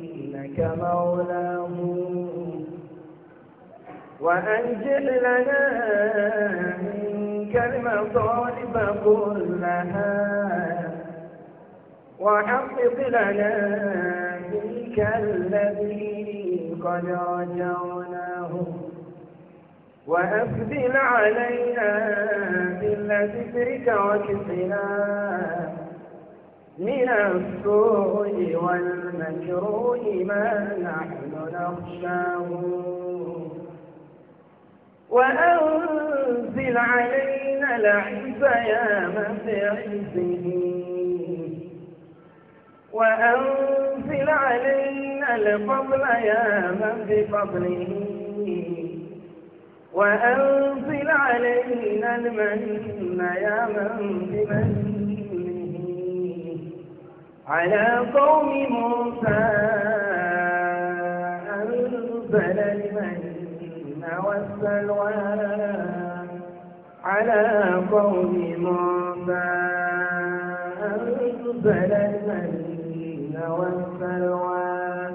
إنك مولاه وأنجل لنا منك المطالب كلها وحقق لنا منك الذي قد رجعناه وأفضل علينا بالذكرك وكسلاه من السوء والمكروه ما نحن نخشاه وأنزل علينا العز يا من بعزه وأنزل علينا الفضل يا من بفضله وأنزل علينا المن يا من بمنه على قوم موسى أنزل المن والسلوى على قوم موسى أنزل المن والسلوى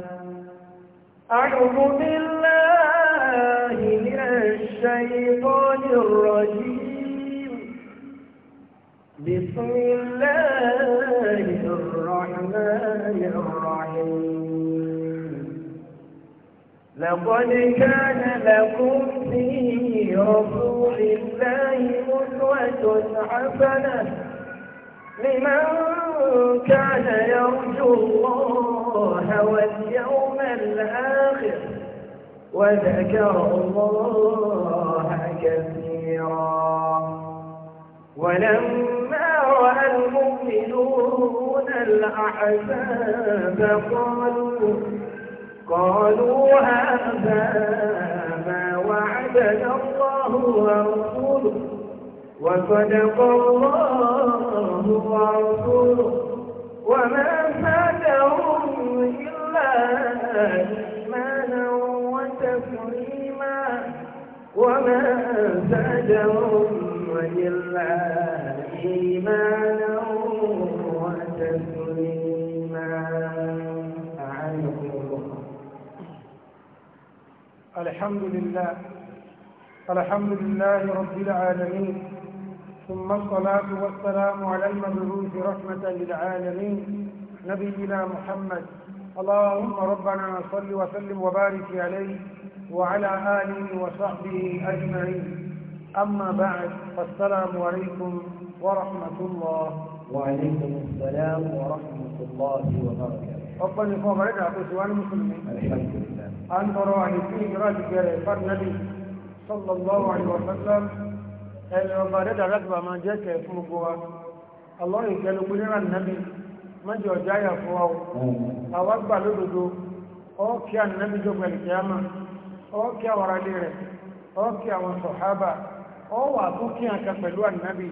أعوذ بالله من الشيطان الرجيم بسم الله الرحمن الرحمن الرحيم لقد كان لكم في رسول الله مسوة حسنة لمن كان يرجو الله واليوم الآخر وذكر الله كثيرا ولما ورأى المؤمنون الأحزاب قالوا قالوا هذا ما وعدنا الله ورسوله وصدق الله ورسوله وما زادهم إلا إيمانا وتسليما وما زادهم إلا إيمانا وتسليما أعانكم الله الحمد لله الحمد لله رب العالمين ثم الصلاة والسلام على المبعوث رحمة للعالمين نبينا محمد اللهم ربنا صل وسلم وبارك عليه وعلى آله وصحبه أجمعين أما بعد فالسلام عليكم ورحمة الله وعليكم السلام ورحمة الله وبركاته أقبل لكم رجع قسوان المسلمين الحمد لله أن تروا عن الدين راجع جريفر نبي صلى الله عليه وسلم الوبارد رجب ما جاك يفمقوا الله يجعل قلنا النبي ما جو جاي فواو أو أقبل لدو أو كيا النبي جو بالكيامة أو كيا وراليره أو كيا وصحابة أو أبو كيا كفلوا النبي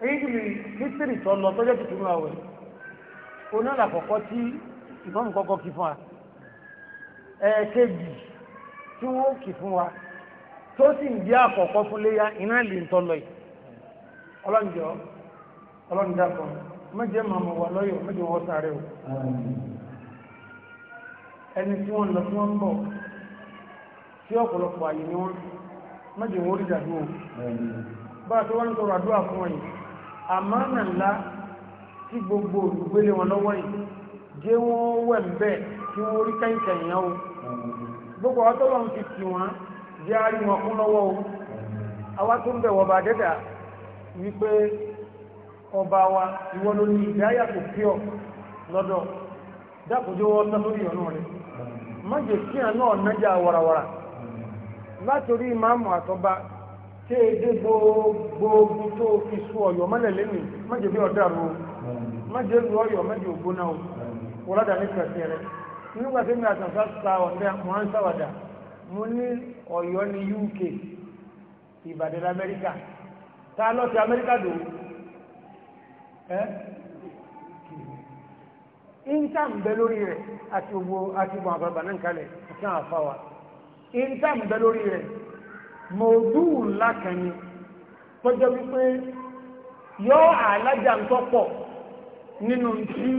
ìgbìmì mítírì tó lọ tó jẹ́ tuntun àwẹ̀ oní àkọ́kọ́ tí ìmọ̀mù kọ́kọ́ kì fún wa tí wọ́n kì fún wa tó sì ń bí àkọ́kọ́ fún léyà iná lè ń tọ́lọ yìí ọlọ́njọ́ ọlọ́ndàkọ̀ mẹ́jẹ mọ̀ wà lọ́yọ̀ mẹ́jẹ wọ́n sáré o ẹni tí wọ́n lọ tí wọ́n bọ̀ tí ọ̀pọ̀lọpọ̀ àyè àmánà ńlá tí gbogbo olùgbélé wọn lọ́wọ́ yìí jẹ́ wọ́n wẹ̀ ń kí wọ́n rí kẹ́yìnkẹ́yìn o gbogbo ọtọ́lọ́ ti tì wọ́n àrí wọn kún lọ́wọ́ o tó ń bá dẹ́dà wípé ọba wa ló ní ìdáyà kò pí ọ lọ́dọ̀ dákòjó téèdé gbogbo tó fi sú ọ̀yọ̀ mọ́lẹ̀ lẹ́nu mọ́jẹ̀ bí ọ̀dá ro mọ́jẹ̀ lu ọ̀yọ̀ mọ́jẹ̀ ògbóná o wọ́lọ́dà ní kẹsì rẹ̀ nígbà tí mi àtàkà sa ń sáwàdà mo ní ọ̀yọ́ ní UK Ìbàdàn Amẹ́ríkà tá lọ sí Amẹ́ríkà dò ẹ́ ìńtà ń bẹ lórí rẹ̀ àti gbogbo àti gbọ̀n àgbàgbà náà kalẹ̀ àfáwà ìńtà ń bẹ lórí rẹ̀ mọ̀ọ́dú ńlá kan ni tọ́jọ́ wípé yọ àlájà ń tọ́pọ̀ nínú tí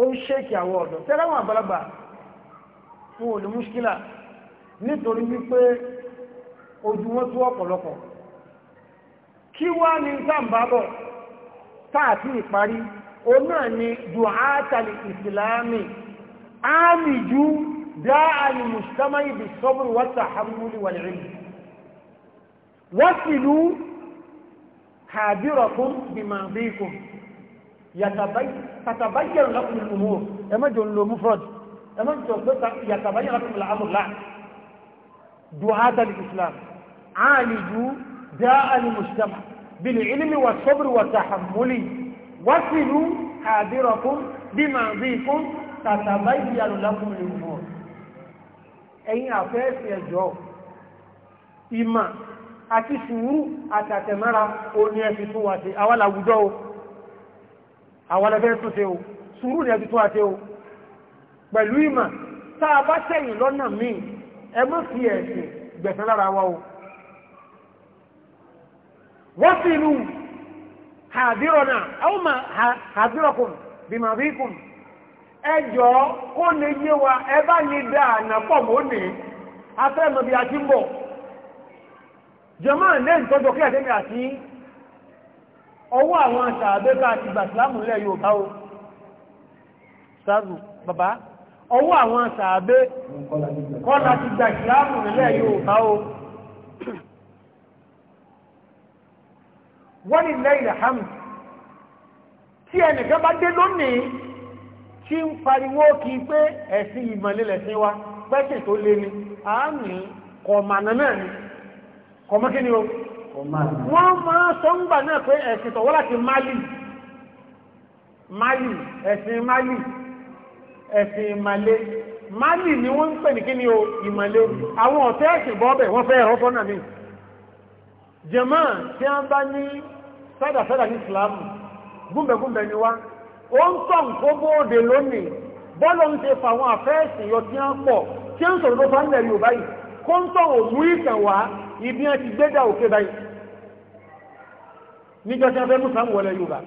ó ń ṣèkì àwọn ọ̀dọ́ tẹ́lẹ̀ wọn àgbàlagbà fún òní múṣkílà nítorí wípé ojú wọn tó ọ̀pọ̀lọpọ̀ kí wá ní sáàmbábọ̀ táàtí ìparí o ni duhatali ìsìláàmì áàmì ju dáa ni mùsùlùmí bí sọ́bùrù wọ́ta hamúlì wọ́sìlú hàbírọ̀kún bí ma bí ikú yàtàbáyẹ̀rùn lákùn ìlúmọ̀ ẹmọ́jọ ń lo mufrod ẹmọ́jọ pé yàtàbáyẹ̀rùn lákùn ìlàmùlá duhatal islam aliju da'al mujtama bil ilmi wa sabr wa tahammuli wasilu hadirakum bima dhikum tatabayyanu lakum al umur ẹ̀yin afẹ́ àti sùúrù àtàtẹ̀mára oní ẹ̀fì tún wà sí àwọn o àwọn ẹgbẹ́ tún o sùúrù ní ẹ̀fì tún wà o pẹ̀lú ìmọ̀ tá bá sẹ́yìn lọ́nà míì ẹ mọ́ fi ẹ̀sìn lára wa o wọ́n sì lù hàbírọ̀nà àwọn kó jọmọ́ lẹ́yìn tọ́jọ́ kí àtẹ́mì àti ọwọ́ àwọn àṣàbẹ́bà àti ìgbàsílámù lẹ́ yóò bá o sáàrù bàbá ọwọ́ àwọn àṣàbẹ́ kọ́lá ti gbàsílámù lẹ́ yóò bá o wọ́n ni lẹ́yìn àhámù tí ẹnìkan bá dé lónìí tí ń pariwo kí pé ẹ̀sìn ìmọ̀lẹ́lẹ̀sìn wa pẹ́sìn tó lé ni àmì kọ̀ọ̀mànà náà ni kọmọ kí ni o wọ́n máa sọ náà pé ẹ̀sìn tọ̀wọ́ láti Mali Mali ẹ̀sìn Mali ẹ̀sìn Ìmàle Mali ni wọ́n ń pè ní kí ni o Ìmàle àwọn ọ̀tẹ́ ẹ̀sìn bọ́ọ̀bẹ̀ wọ́n fẹ́ ẹ̀rọ fọ́nà mi jẹ̀mọ́ tí a bá ní sádàsádà ní Ìsìlámù gúnbẹ̀gúnbẹ̀ ni wá ó ń tọ́ nǹkó bóòdè lónìí bọ́lọ̀ ń ṣe fàwọn àfẹ́ẹ̀sìn yọ tí a pọ̀ tí a ń sọ̀rọ̀ tó fà ń lẹ̀ Yorùbá yìí kó ń tọ́ òmú ìtàn ibi wọn ti gbé dà òkè báyìí níjọ tí wọn fẹ́ mùsùlùmí wọlé yorùbá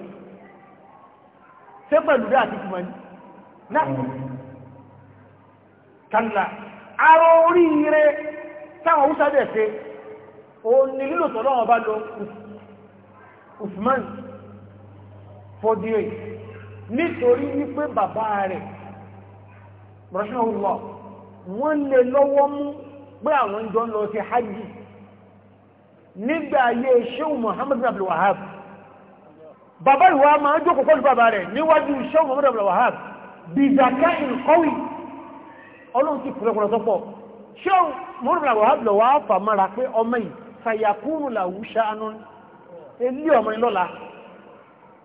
ṣé pẹ̀lú dá àti tìmọ̀ ní náà kàlà arọ oríire táwọn haúsá dẹ̀ ṣe o ni lílò tọ́lọ́ wọn bá lọ usman fọdíẹ̀ nítorí wípé bàbá rẹ̀ rọ́ṣánwó wọ́n lè lọ́wọ́ mú pé àwọn jọ lọ sí hajji nígbà ayé ṣéhùn Muhammad bin Abdul Wahab bàbá ìwà máa jókòó pẹ̀lú bàbá rẹ̀ níwájú ṣéhùn Muhammad bin Abdul Wahab bí zaka ìkọwì ọlọ́run ti pẹ̀lẹ̀kọ̀lọ̀ sọ́pọ̀ ṣéhùn Muhammad bin Abdul Wahab lọ wá fà mara pé ọmọ yìí fàyàkúrù làwù ṣáánú ilé ọmọ ìlọ́la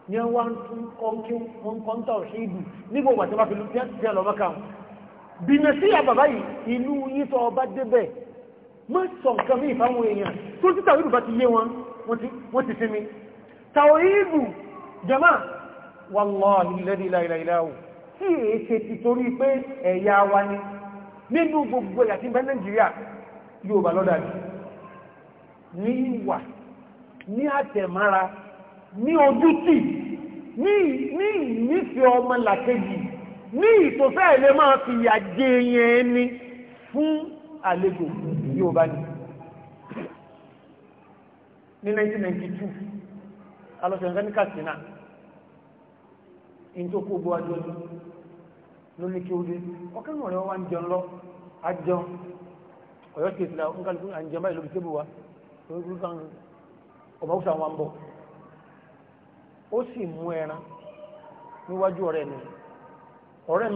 ni wọ́n tún kọ́ńkí wọn kọ́ńtà nígbà ògbà tí wọ́n fi lù bí sí àbàbá yìí ìlú yìí tó ọba débẹ̀ mọ́ sọ nǹkan mí ìfáwọn èèyàn tó títà ìlú bá ti yé wọn wọ́n ti fi mi tàwọn ìlú jama wallahi lẹ́dí láìláìláwò tí èé ṣe ti torí pé ẹ̀yà wa ni nínú gbogbo ẹ̀yà tí ń bẹ nàìjíríà yóò bá lọ́dà jù ní ìwà ní àtẹ̀mára ní ojútì ní ìnífẹ́ ọmọ làkejì ní ìtòfẹ́ ilé máa fi yà jẹ yẹn ni fún àlejò yóò bá ní ní 1992 alọ́sẹ̀rẹ̀ ní Katsina in tó kó gbọ́ ajọ́ ló ní kí ó dé ọkàn rẹ̀ wá jẹun lọ ajọ́ ọ̀yọ́ sí ìsìlá oníkàlùkù àjẹ́ báyìí lóbi tébù wa ọmọ òsà ẹran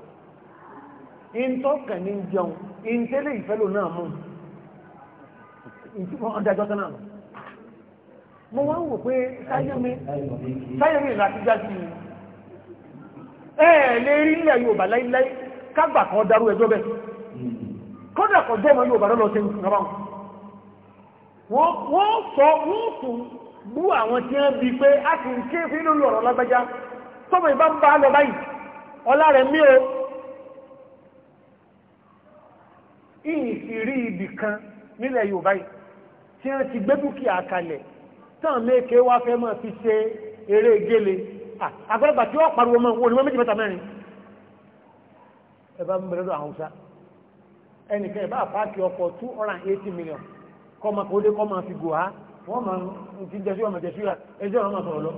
ìntọ́kàn ní jẹun ìntẹ́lẹ̀ ìfẹ́lò náà mú ọdájọ́ tán náà mo wá ń wò pé sáyẹ́mì láti jásí ẹ̀ẹ̀ lè rí ilẹ̀ Yorùbá láíláí kágbà kan darú ẹjọ́ bẹ́ kọ́dà kan jẹ́ ọmọ Yorùbá lọ́lọ́ tẹ́lú ìrọ̀bá wọ́n sọ wọ́n tún bú àwọn tí wọ́n bí pé a ti ń ké fún ilé olùrọ̀ lágbájá tọ́mọ̀ ìbá ń bá lọ báyìí ọlá rẹ̀ mí o ìsìrí ibì kan nílẹ̀ Yorùbá yìí tí wọ́n ti gbé dúkìá kalẹ̀ tán méke wá fẹ́ mọ́ fi ṣe eré gẹ́lẹ̀ àgbàlagbà tí ó pariwo mọ́ wọn ni wọ́n méjì mẹ́ta mẹ́rin ẹ̀bá ń bẹ̀rẹ̀ lọ àwùsá ẹnìkan ẹ̀bá àpáàkì ọkọ̀ 280 million kọ́mà kó dé kọ́mà fi gòhá wọ́n ma ń ti jẹ́sí ọmọ jẹ́sí rà ẹjọ́ ọmọ sọ̀rọ̀ lọ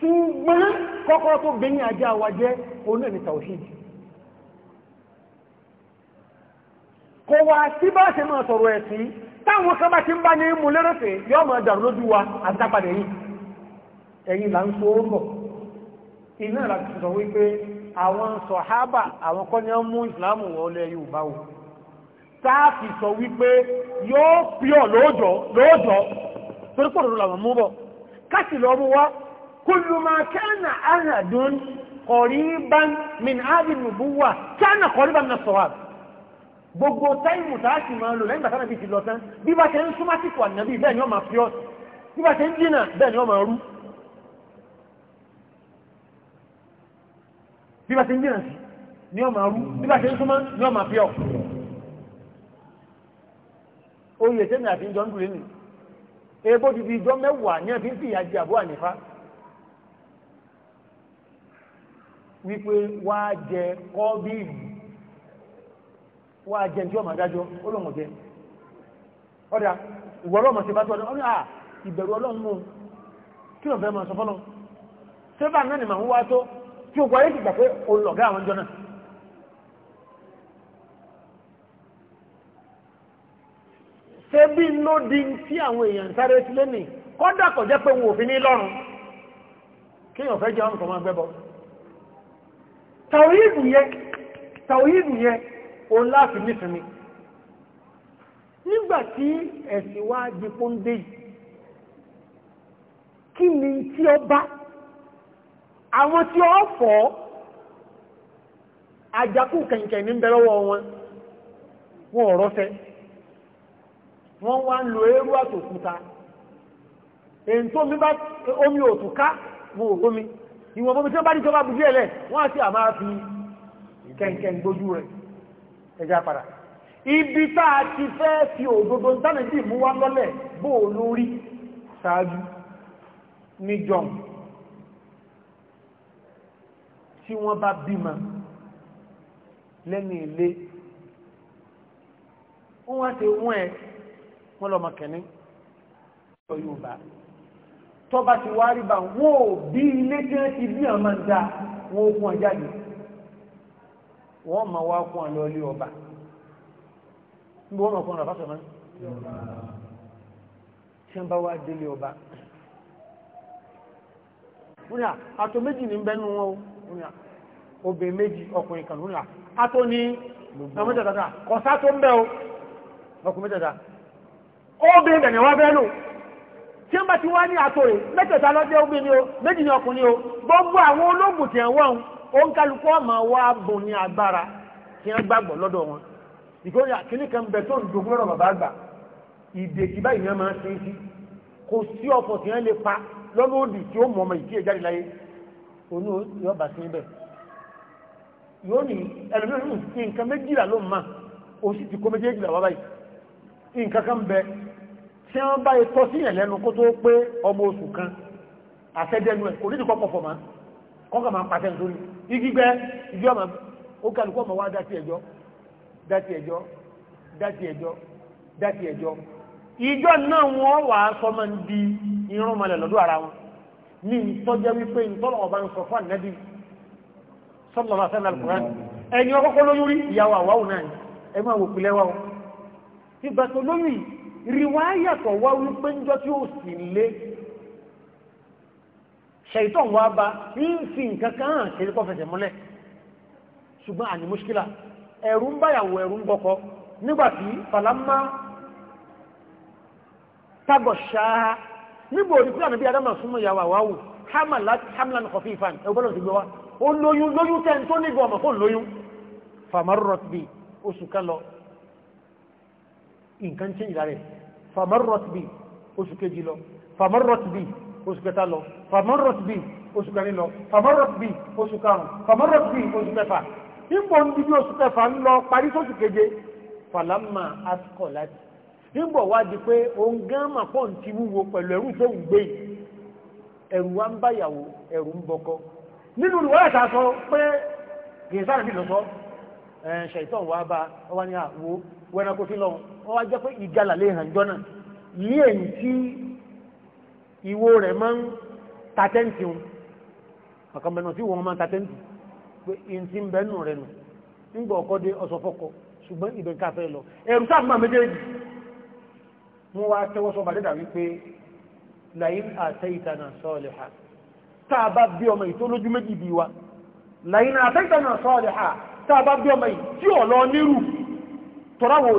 ṣùgbọ́n kọ́kọ́ tó gbẹ̀yìn ajá wa jẹ́ òun náà kò wá sí bá ṣe máa sọ̀rọ̀ ẹ̀sìn táwọn kan bá ti ń bá ní mú máa dàrú lójú wa àtàpadà yìí ẹ̀yìn là ń so ó iná ìlà sọ wípé àwọn sọ̀hábà àwọn mú sọ wípé yóò pí ọ̀ lóòjọ́ lóòjọ́ làwọn mú bọ̀ káṣì كل ما كان أحد قريبا من هذه النبوة كان قريبا من الصواب gbogbo táìmù tààtì máa lò lẹ́yìn bàtánà bíi ti lọ tán bí bá ṣe ń súnmọ́ síkò ànàbí bẹ́ẹ̀ ni wọ́n máa fi ọ́ bí bá ṣe ń dínà bẹ́ẹ̀ ni wọ́n máa rú bí bá ṣe ń dínà sí ni wọ́n máa rú bí bá ṣe ń súnmọ́ ni wọ́n máa fi ọ́. oyè tẹ́mi àti ìjọ ń dùn lẹ́nu ebó ti fi ìjọ mẹ́wàá ní ẹ̀fín sì ìyá jẹ àbúrò ànífá wípé wá jẹ kọ́bíìlì wá jẹ tí ọmọ adájọ́ ó lọ́mọ jẹ ọ̀dà ìwọ ọlọ́mọ ṣe bá tọ́ ọ ní à ìbẹ̀rù ọlọ́run mú kí lọ́n fẹ́ máa sọ fọ́nà sẹ́fà náà ni màá ń wá tó tí o gbọ́dọ̀ ìgbà pé òun lọ̀gá àwọn jọ náà ṣé bí ló di tí àwọn èèyàn sáré sílé nì kọ́dà kọ̀ jẹ́ pé wọn ò fi ní lọ́rùn kéèyàn fẹ́ jẹ́ ọmọ kan tàwíìdù yẹn tàwíìdù yẹn o láti nífẹ̀mí nígbàtí ẹ̀sìn wá jípó ń dé kí ni tí ó bá àwọn tí ó fọ́ àjákù kẹ̀kẹ̀ ní bẹ̀rọ̀wọ̀ wọn wọn ọ̀rọ̀ fẹ́ wọ́n wá ń lo eérú àtòkúta èyí tó omi òtùká wọn ò gómi ìwọ̀n bóbi tí wọ́n bá ní tọ́ba bùjú ẹ̀lẹ̀ wọ́n á sì àmà fi kẹ̀kẹ́ gbójú rẹ̀ ẹja padà ibi tá a ti fẹ́ fi òdodo tánàdì mú wá lọ́lẹ̀ bó o lórí ṣáájú ní john tí wọ́n bá bímọ lẹ́nu ilé wọ́n wá ti wọ́n ẹ wọ́n lọ́mọ kẹ́ni lọ yóò bá tọba ti wá rí bá wọ́n ò bí ilé tí wọ́n ti bí ọmọ ń da wọ́n ó fún ọ jáde wọ́n máa wá fún ọ lọ́ọ́lé ọba níbo wọ́n máa fún ọ lọ́ọ́ fásọ̀mọ́ tí wọ́n bá wá délé ọba wọ́n yà àtọ̀ méjì ní bẹ́nu wọn wọ́n yà obìnrin méjì ọkùnrin kan wọ́n yà àtọ̀ ní ọmọ mẹ́tẹ̀ẹ̀ta kọ̀sá tó ń bẹ́ o ọkùnrin mẹ́tẹ̀ẹ̀ta obìnrin bẹ̀rẹ̀ wá bẹ́ẹ̀ lò tí wọ́n bá ti wá ní àtòrè mẹ́tẹ̀ẹ̀ta lọ́jọ́ obìnrin o méjì ní ọkùnrin o gbogbo àwọn ológun tí wọ́n òun kálukú ọmọ wa bùn ní agbára tí wọ́n gbàgbọ́ lọ́dọ̀ wọn ìgbóyà kìíní kan bẹ̀ tó ń dogun lọ́rọ̀ bàbá àgbà ìdè tí báyìí ni wọ́n máa ń ṣe é sí kò sí ọ̀pọ̀ tí wọ́n lè pa lọ́nà òdì tí ó mọ̀ ọmọ ìdí ẹ̀jáde láyé onú yóò tí wọ́n bá ikọ́ sí ẹ̀lẹ́nu kó tó pé ọmọ oṣù kan àfẹ́dẹ́nu ẹ̀ kò nídìí kọ́kọ́ fọ̀mọ́ kọ́kọ́ máa ń pàtẹ́ nítorí igi gbẹ́ ìjọ máa ó kálukú ọmọ wa dátì ẹjọ́ dátì ẹjọ́ dátì ẹjọ́ dátì ẹjọ́ ìjọ náà wọ́n wà á sọ máa ń di irun malẹ̀ lọ́dọ̀ ara wọn ní ìtọ́jẹ́ wípé ìtọ́lọ̀ ọba ń sọ fún rìwáyà tó wá wípé ńjọ́ tí ó sì lé ṣèyítọ́n wá bá ń fi nǹkan kan hàn kí ẹ̀kọ́ fẹsẹ̀ múlẹ̀ ṣùgbọ́n àní múṣkílà ẹ̀rù ń báyàwó ẹ̀rù ń bọ́kọ nígbàtí falamma tagọ̀ ṣáá nígbò orí fúlàní bí adama súnmọ́ ìyàwó àwáwò hamlan khafifan ẹgbọ́lọ̀ ti gbé wá ó lóyún lóyún tẹ́ tó nígbà ọmọ fún lóyún famarrot bi oṣù kan lọ nǹkan tí famarrot bi oṣù kejì lọ famarrot bi oṣù kẹta lọ famarrot bi oṣù kẹrin lọ famarrot bi oṣù karùn famarrot bi oṣù kẹfà nígbò ń dídí oṣù kẹfà ń lọ parí sóṣù keje falama asukọ láti nígbò wá di pé òun gán mà pọ̀ ń ti wúwo pẹ̀lú ẹrú tó ń gbé ẹrù wa ń báyàwó ẹrù ń bọkọ nínú ìwọ́n ẹ̀ta sọ pé kìí sáré bí lọ sọ ṣètò wa bá ọwọ́ ni àwo wọ́n wá pé ìgalà lè hàn jọ́nà ní èyí tí ìwo rẹ̀ máa ń ta tẹ́ǹtì wọn ọ̀kan mẹ́nu tí wọ́n máa ń ta tẹ́ǹtì pé ń rẹ̀ nù nígbà dé ṣùgbọ́n ibẹ̀ ń káfẹ́ lọ ẹ̀rù sáàmà méjèèjì wọ́n wá tẹ́wọ́ sọ láyín bá bí ọmọ yìí tó lójú méjì bí wa láyín bá bí ọmọ yìí tí ọ̀lọ́ tọ́ráwọ̀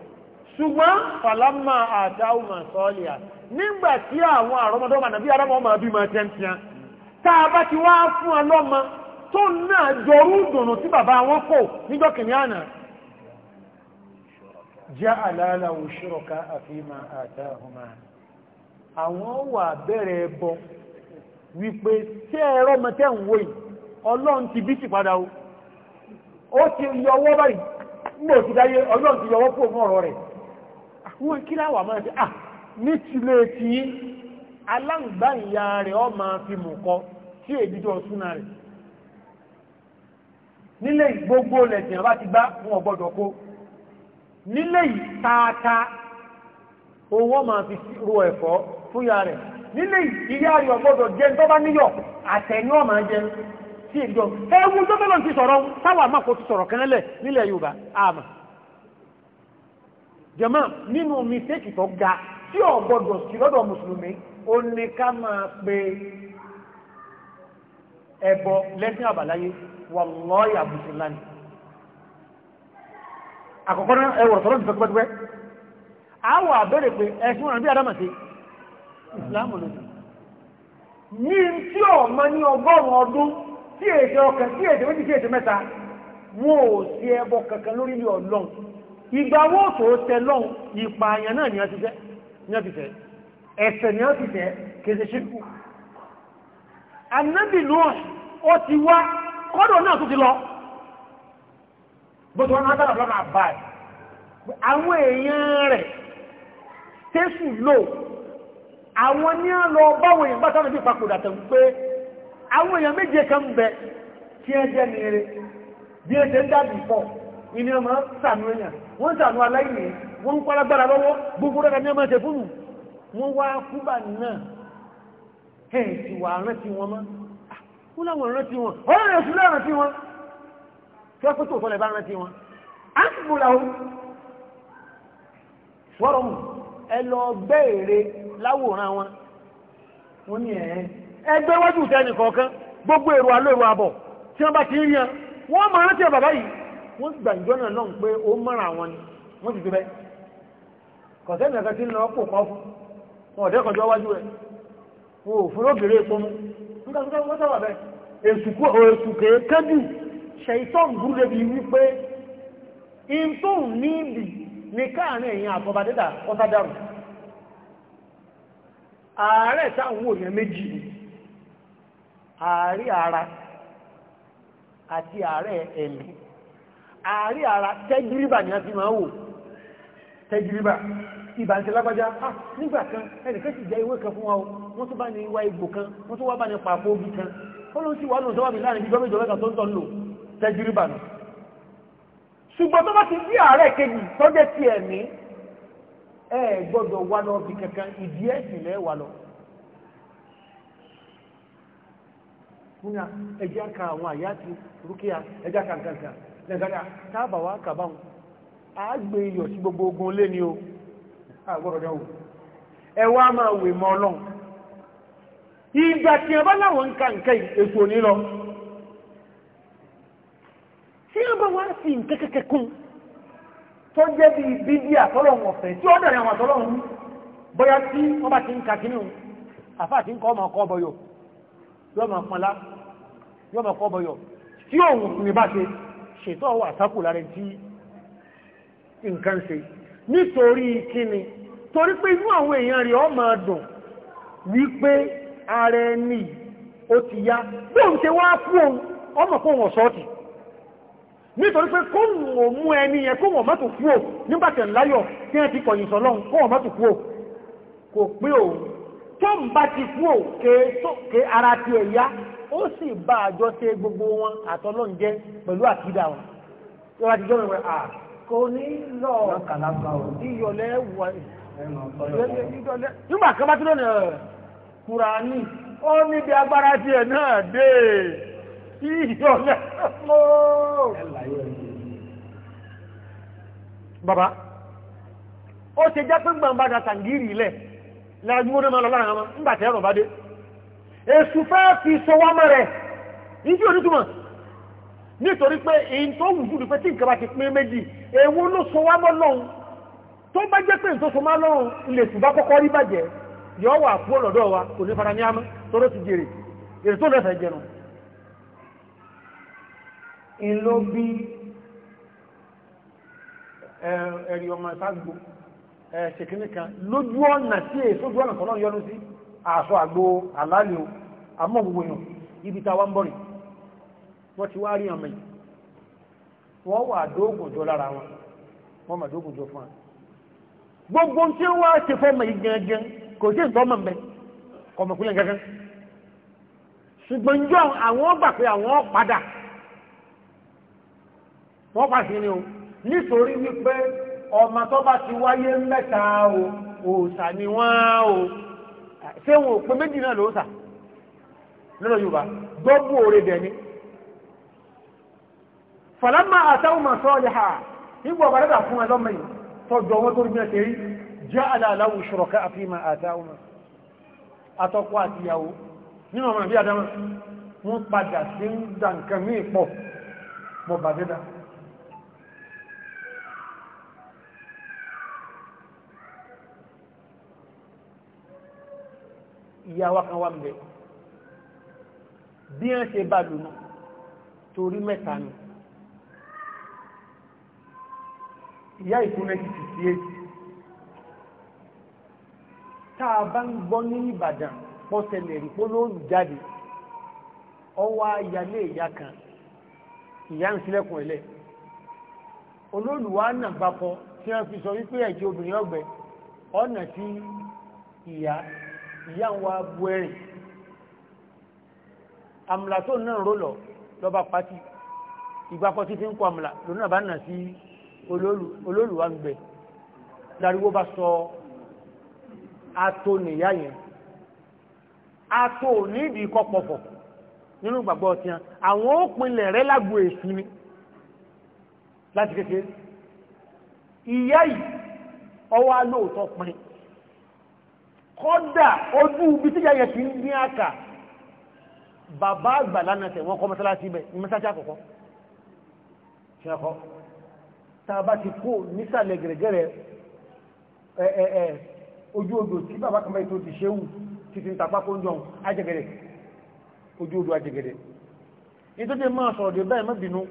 ṣùgbọ́n fàlámà àdáhùmà sọ́ọ̀lìyà nígbà tí àwọn àrọmọdọ́mà nàbí arámọ́ ọmọ bí ma tẹ́ntìyàn tá a bá ti wá fún ọlọ́mọ tó náà jọrú dùnù tí bàbá wọn kò níjọ́ kìíní àná jẹ́ àlàálà òṣìrọ̀ká àfihàn àdáhùmà àwọn wà bẹ̀rẹ̀ ẹbọ wípé tẹ́ ẹ̀rọ wọ́n kí láwà máa ṣe à ah, ní tilé tí aláǹgbá ìyá rẹ̀ ọ máa fi mú kọ sí èdíjọ súnà rẹ̀ nílé gbogbo lẹ̀sìn àbá ti gbá wọn ọgbọ́dọ̀ kó nílé tààtà owó máa fi ro ẹ̀fọ́ fún ya rẹ̀ nílé ìyá rẹ̀ ọgbọ́dọ̀ jẹ́ tó bá níyọ̀ àtẹ̀yìn ọmọ jẹ sí èdíjọ ẹwú tó fẹ́lọ́ ti sọ̀rọ̀ táwà máa kó ti sọ̀rọ̀ kẹ́lẹ̀ nílẹ̀ Yorùbá àmà jẹ̀mọ́ nínú mistake tó ga tí ò gbọdọ̀ sí lọ́dọ̀ mùsùlùmí ó ní ká máa pe ẹbọ lẹ́sìn àbáláyé wallahi àbùsùn lánìí àkọ́kọ́ náà ẹwọ̀rọ̀ sọ́rọ̀ ìfẹ́ a àwọ̀ àbẹ́rẹ̀ pé ẹ̀sùn rẹ̀ bí adama sí ìsìláàmù lójú ní tí ó ma ní ọgọ́rùn ọdún tí èdè ọkàn tí èdè méjì tí èdè mẹ́ta wọ́n ò sí ẹbọ kankan lórí ilé ọlọ́run ìgbà wo tó tẹ lọ́hùn ìpààyàn náà ni a ti fẹ́ ni a ti fẹ́ ẹ̀ṣẹ̀ ni a ti fẹ́ kèsè ṣíkù anábì lóòrùn ó ti wá kọ́dọ̀ náà tó ti lọ bó ti wọ́n náà dára lọ́nà àbáyé àwọn èèyàn rẹ̀ tẹ́sù lò àwọn ní à lọ báwọn èèyàn bá sáré bí papòdà tẹ̀ ń pé àwọn èèyàn méje kan bẹ tí ẹ jẹ́ nìire bí ẹ jẹ́ ń ilé ọmọ sànú èèyàn wọ́n sànú aláìní wọ́n ń pálágbára lọ́wọ́ gbogbo rẹ̀ ní ọmọ ẹ̀sẹ̀ fúnnù wọ́n wá kúbà náà ẹ̀ sì wà rántí wọn mọ́ ah, wọ́n láwọn rántí wọn ọ̀rọ̀ rẹ̀ sí láwọn wọn tí wọ́n bá rántí wọn á sì bù làwọn wọ́rọ̀ mù ẹ lọ bẹ́ẹ̀rẹ̀ láwòrán wọn wọ́n ní ẹ̀ gbogbo wọ́n wọ́n sì gbàǹjọ́ náà lọ́n pé ó mọ́ra ni wọ́n ti tó bẹ́ẹ̀ kọ̀sẹ́nì tí ń lọ pò kọ́ fún ọ̀dẹ́ kọjọ́ wájú rẹ̀ o fún lóbìnrin epo mu nígbà tó wọ́n sábà bẹ́ẹ̀ èsù kéèké jù wípé níbi ní káàrin ààrẹ táwọn méjì ààrí ara àti ààrẹ ẹ̀mí àárí ara tẹ́gíríbà ni a fi máa wò tẹ́gíríbà ìbànṣẹ́ lágbàjá nígbà kan ẹnìkan ti jẹ ìwé kan fún wa wọ́n tó bá ní wá igbó kan wọ́n tó wá bá ní pàpọ̀ ogi kan ọlọ́run sí wà lóun tó wà mí láàrin bíjọ́ méjọ mẹ́ta tó ń tọ́lò tẹ́gíríbà nù ṣùgbọ́n tó bá ti bí ààrẹ kejì tọ́jẹ́ ẹjá ka àwọn àyá ti rúkíà ẹjá ka nǹkan kan lẹ́gbẹ̀rẹ̀ tábà wá kàbáhùn àágbé iyọ̀ sí gbogbo ogun lé ní o àgbọ̀rọ̀dẹ́wò ẹwà máa wè mọ́ ọlọ́run ìgbà tí a bá láwọn nǹkan nǹkan èso nílọ tí a bá wá sí nkẹ́kẹ́kẹ́ kún tó jẹ́ bí bíbí àtọ́lọ́run ọ̀fẹ́ tí ó dẹ̀rẹ̀ àwọn àtọ́lọ́run bóyá tí wọ́n bá ti ń ka kínú àfáà tí ń kọ́ ọmọ ọkọ̀ ọbọyọ̀ yọ́ mọ̀ pọnlá yọ́ mọ̀ ọkọ̀ ọbọyọ̀ tí òun kùnrin bá ṣètò ọwọ́ àtàkù lára tí nǹkan ṣe nítorí kíni torí pé inú àwọn èèyàn ọ máa dùn wípé ara ẹni ó ti yá bóun ṣe wá fún òun ọmọ kó nítorí pé kó mú ẹni yẹn kó wọn mọ́tò kú ò nígbàtẹ̀ láyọ̀ tí ò kò pé òun tó ń ara ti ẹ̀ ó sì bá àjọ ṣe gbogbo wọn àtọ́lọ́n jẹ́ pẹ̀lú àkídà wọn tí wọ́n ti jọ́ mẹ́wẹ́ à kò ní lọ ìyọ̀lẹ́ wà nígbà kan bá tí ó ṣe jẹ́ ilẹ̀ ní bá dé èsù fi sọ wá mẹ́rẹ̀ ìdí onítùmọ̀ nítorí pé èyí tó wù tí nǹkan bá ti pín méjì èwo ló sọ wá mọ́ lọ́hùn tó bá jẹ́ pé nǹkan má lọ́hùn ilé ìsù wa kò ní fara ní ti jèrè èrè tó ìlò bí ọmọ ṣèkínìkan lójú ọ̀nà sí èso ọ̀nà àṣọ àgbo àlàálì o àmọ́ gbogbo èèyàn ibi tàwa ń bọ̀rì wọ́n ti wá rí ọmọ yìí wọ́n wà dóògùn jọ lára wọn wọ́n mà dóògùn jọ fún wa gbogbo tí ó wá ṣe fọ́mọ yìí gangan kò sí ìtọ́mọ̀ mbẹ kọmọkúnlẹ̀ gangan ṣùgbọ́n àwọn gbà pé àwọn padà wọ́n pa sí ni o nítorí wípé ọmọ tó bá ti wáyé mẹ́ta o òòṣà ni wọ́n o ṣé wọn ò pé méjì náà ló sà lọ́dọ̀ yorùbá gbọ́gbù òre dẹ̀ni fàlámà àtàwọn sọ́ọ̀lẹ̀ ha nígbà ọ̀bà dẹ́gbà fún ẹlọ́mọ yìí tọ́jọ́ wọn tó rí bí ẹsẹ̀ já aláàláwù ṣùrọ̀ká àfihàn àtàwọn atọ́kọ àti ìyàwó nínú ọmọ nàbí adama wọn padà sí ń dà nǹkan míì pọ̀ mọ̀ bàdẹ́dà ìyá wa kan wà ń bẹ bí wọ́n ṣe bá lùnú torí mẹ́ta ni ìyá ìkúnlẹ̀ ti ti sí èsì tá bá ń gbọ́ ní Ìbàdàn pọ́sẹ̀lẹ̀ rí jáde ọwọ́ ayalé ìyá kan ìyá ń sílẹ̀kùn sọ wípé ẹ̀jẹ̀ obìnrin ọ̀nà tí ìyá ìyá ń wá bú ẹ̀rìn àmìlà tó náà ró lọ lọ́ba pátí ìgbàkọ́ títí ń kọ àmìlà lónà bá nà sí olóòlùwà ń gbẹ láriwó bá sọ ato nìyá yẹn ato nídìí kọ́ pọ̀fọ̀ nínú gbàgbọ́ ọtí hàn àwọn òpinlẹ̀ rẹ lágbo èsì ni láti kékeré ìyá yìí ọwọ́ alóòótọ́ pin kọ́dà ojú ibi tí yàyẹ̀ ti ń ní àkà bàbá àgbà lánàá tẹ̀ wọ́n kọ́ mọ́sálásí bẹ̀ ní mọ́sálásí àkọ́kọ́ ṣẹ́kọ́ tàbá ti kó nísàlẹ̀ gẹ̀rẹ̀gẹ̀rẹ̀ ẹ̀ẹ̀ẹ̀ ojú odò tí bàbá kan báyìí tó ti ṣe wù títí ń tapá kó ń jọun ajẹgẹ̀rẹ̀ ojú odò ajẹgẹ̀rẹ̀ ní tó máa sọ̀rọ̀ dé báyìí mọ́bìnú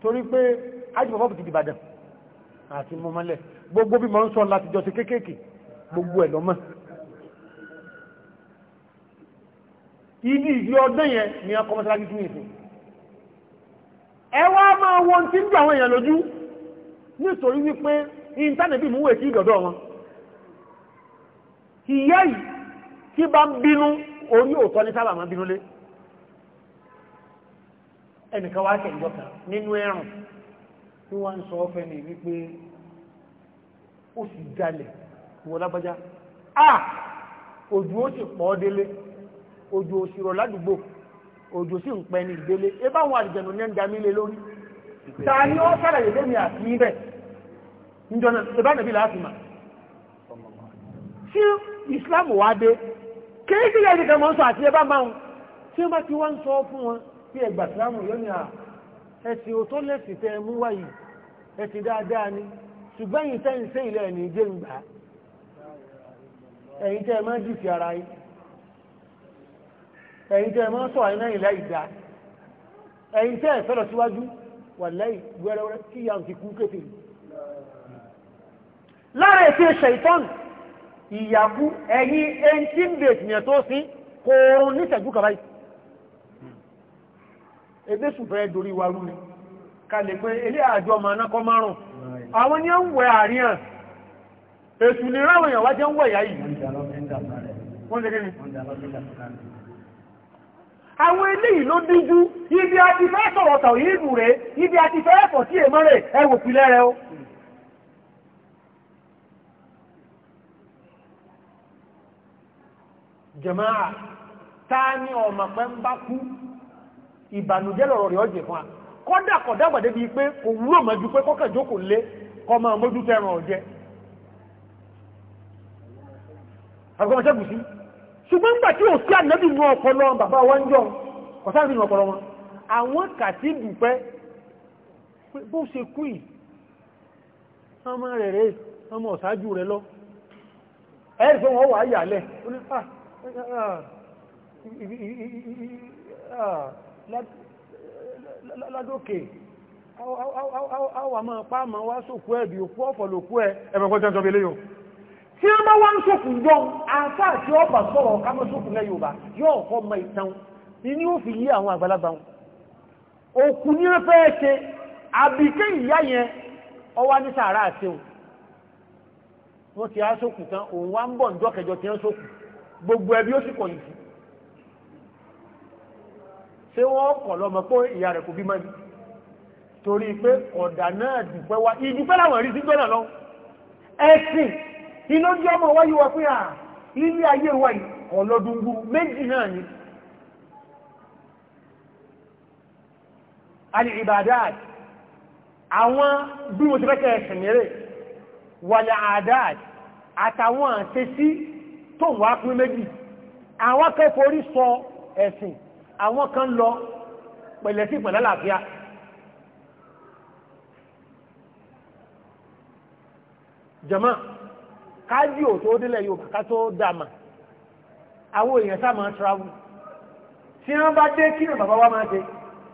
torí pé ajẹ́bọ̀bọ̀ ti dìbàdàn àti mọ́mọ́lẹ̀ gbogbo bí mọ́ ń sọ láti jọ sí kéékèèké gbogbo ẹ̀ lọ́mọ́ ibi ìdí ọdún yẹn ni a kọmọsára jí fún ìfún ẹwà máa wọn tí ń jù àwọn èèyàn lójú nítorí wípé ìntánẹ̀bì mú èkí ìdọ̀dọ̀ wọn ìyá yìí tí bá ń bínú orí òtọ́ ní sábà máa bínú lé ẹnìkan wá ṣe ìjọta nínú ẹ̀rùn tí wọ́n ń sọ ọ́fẹ́ ní wípé ó sì jalè wọ́n lábájá ah òjò ó sì pọ̀ délé òjò òsìrọ̀ ládùúgbò òjò sì ń pẹ ní ìgbélé ẹ bá àwọn àdìjẹ̀nù ní ẹ̀ńdà mílé lórí ta ni ó sára yẹ̀dẹ́ mi àti níbẹ̀ níjọ́nà ìbánàbí láti mà tí Islam wá dé kéèkì yẹ́ ìdíkà mọ́ sọ àti ẹbá máa ń tí ó bá ti wá ń sọ fún wọn tí ẹgbà Islamu yóò ní à ẹ̀sìn ò tó lẹ́sìn tẹ mú wáyé ẹ̀sìn dáadáa ni ṣùgbọ́n yìí sí ilẹ̀ ẹ̀ní jẹ́ ń gbà ẹ̀yìn tẹ́ ẹ má dìsì ara yìí ẹ̀yin tẹ́ ẹ máa ń sọ àyín náà ìlà ìdá ẹ̀yin tẹ́ ẹ fẹ́lọ̀ síwájú wà lẹ́yìn wẹ́rẹ́wẹ́rẹ́ tí ìyá ti kú kéfì lára ètò ṣẹ̀tọ́n ìyàkú ẹ̀yin eighteen days yẹn tó sí kò oorun ní ìṣẹ́jú kàbáyì ebe sùn fẹ́ dorí wa rú ni kalẹ̀ pé ilé àjọ ọmọ anákọ́ márùn àwọn ni ó ń wẹ̀ àríyàn èsù ní ráwọ̀ èèyàn wájẹ́ ń wẹ̀ yáyì wọ́n lè rí ni àwọn eléyìí ló díjú ibi a ti fẹ́ sọ̀rọ̀ tàwí ìlú rẹ̀ ibi a ti fẹ́ ẹ̀fọ̀ tí èmọ́ rẹ̀ ẹwò pìlẹ̀ rẹ̀ o jẹ̀máà ta ní ọmọ pẹ́ ń kú ìbànújẹ́ lọ̀rọ̀ rẹ̀ ọjẹ̀ fún a kọ́dà kọ̀dà gbàdé pé ṣùgbọ́n nígbà tí ò sí ànábì inú ọpọlọ bàbá wọn jọ kọ̀sá nínú ọpọlọ wọn àwọn kàtí dùpẹ́ pé bó ṣe kú yìí ọmọ rẹ̀ rẹ̀ ọmọ ọ̀sájú rẹ̀ lọ ẹ̀rì fún wọn wà yàlẹ̀ ládókè àwọn àmọ́ pàmọ́ wá sókú ẹ̀bì òkú ọ̀fọ̀lòkú ẹ̀ ẹ̀mẹ̀kọ́ tí a bá wá ń sọ̀kù jọun àti àti ọba sọ̀rọ̀ ọ̀ká mọ́ sọ̀kù náà yorùbá yóò kọ́ ọmọ ìtàn inú ó fi yí àwọn àgbàlagbà wọn òkú ní ẹfẹ́ ṣe àbíkẹ́ ìyá yẹn ọwá ní sàárà àti òun ti á sọ̀kù tán òun wá ń bọ̀ ǹjọ́ kẹjọ tí wọ́n sọ̀kù gbogbo ẹbí ó sì kọ̀ yìí ṣé wọ́n kọ̀ lọ́mọ pé ìyá rẹ̀ kò bímọ ni torí pé ọ̀dà náà dùpẹ́ wá ìdúpẹ́ láwọn rí sí lọ ẹ̀sìn iná jẹ́ ọmọ wáyé wọ pé à ilé ayé wa yìí ọ̀lọ́dúngbù méjì náà ni alìbàdáàd àwọn bí mo ti fẹ́kẹ̀ ẹ̀sìn mẹ́rẹ̀ wàlẹ̀ àdáàd àtàwọn àṣẹ́sí tó wà pín méjì àwọn akẹ́kọ̀ọ́ orí sọ ẹ̀sìn àwọn kan lọ pẹ̀lẹ́sí pẹ̀lẹ́làfíà jama ka ò tó délẹ̀ yóò ká tó dàmà àwọn èèyàn sá máa tí wọ́n bá dé kí bàbá wa máa dé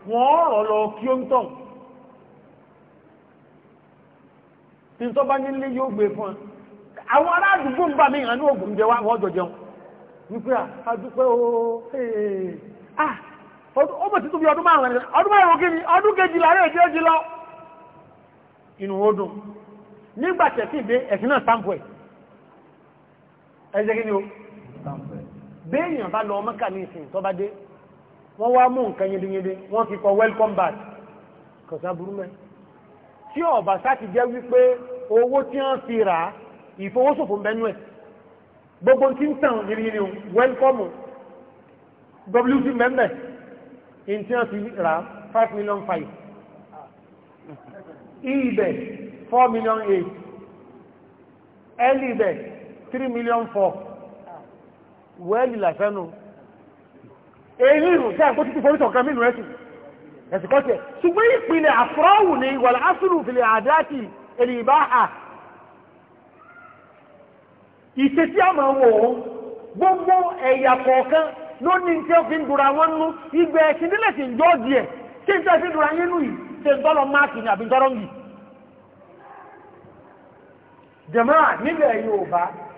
wọ́n rọ̀ lọ kí ó ń tàn tí tó bá nílé yóò gbé fún ọ àwọn ará àdúgbò ń bà mí ìrànú ògùn jẹ wọ́n jọ jẹun wípé ó bí ọdún márùn-ún ọdún márùn-ún kí ni ọdún kejìlá rẹ̀ jẹ́ lọ inú ó dùn nígbà tẹ̀sí ìdé ẹ̀sìn náà ẹ̀ṣẹ́ kí ni o béèyàn bá lọ mọ́kà ní ìsìn tó bá dé wọ́n wá mú nǹkan yẹdẹyẹdẹ wọ́n fi kọ welcome back kọ̀sá burú mẹ́ tí ọ̀bà sáti jẹ́ wípé owó tí wọ́n fi rà ìfowósòfò mẹ́nu ẹ̀ gbogbo tí ń tàn yẹdẹyẹdẹ welcome wc member, in tí wọ́n fi rà five million five ibẹ̀ four million eight ẹlì ibẹ̀ three million four wẹ́ẹ̀lì làfẹ́nu èyí ìrùn tí a kó títí forí sọ̀kan mínú ẹ̀sìn ẹ̀sìn kọ́tẹ̀ ṣùgbọ́n ìpìlẹ̀ àfúráwù ni wàlá asùlù fìlẹ̀ àdáàtì èlì ìbá à tí a máa wọ̀ ọ́ gbogbo ẹ̀yà kọ̀ọ̀kan ló ní tí ó fi ń dura wọn nú ìgbẹ́ ẹ̀sìn sí nílẹ̀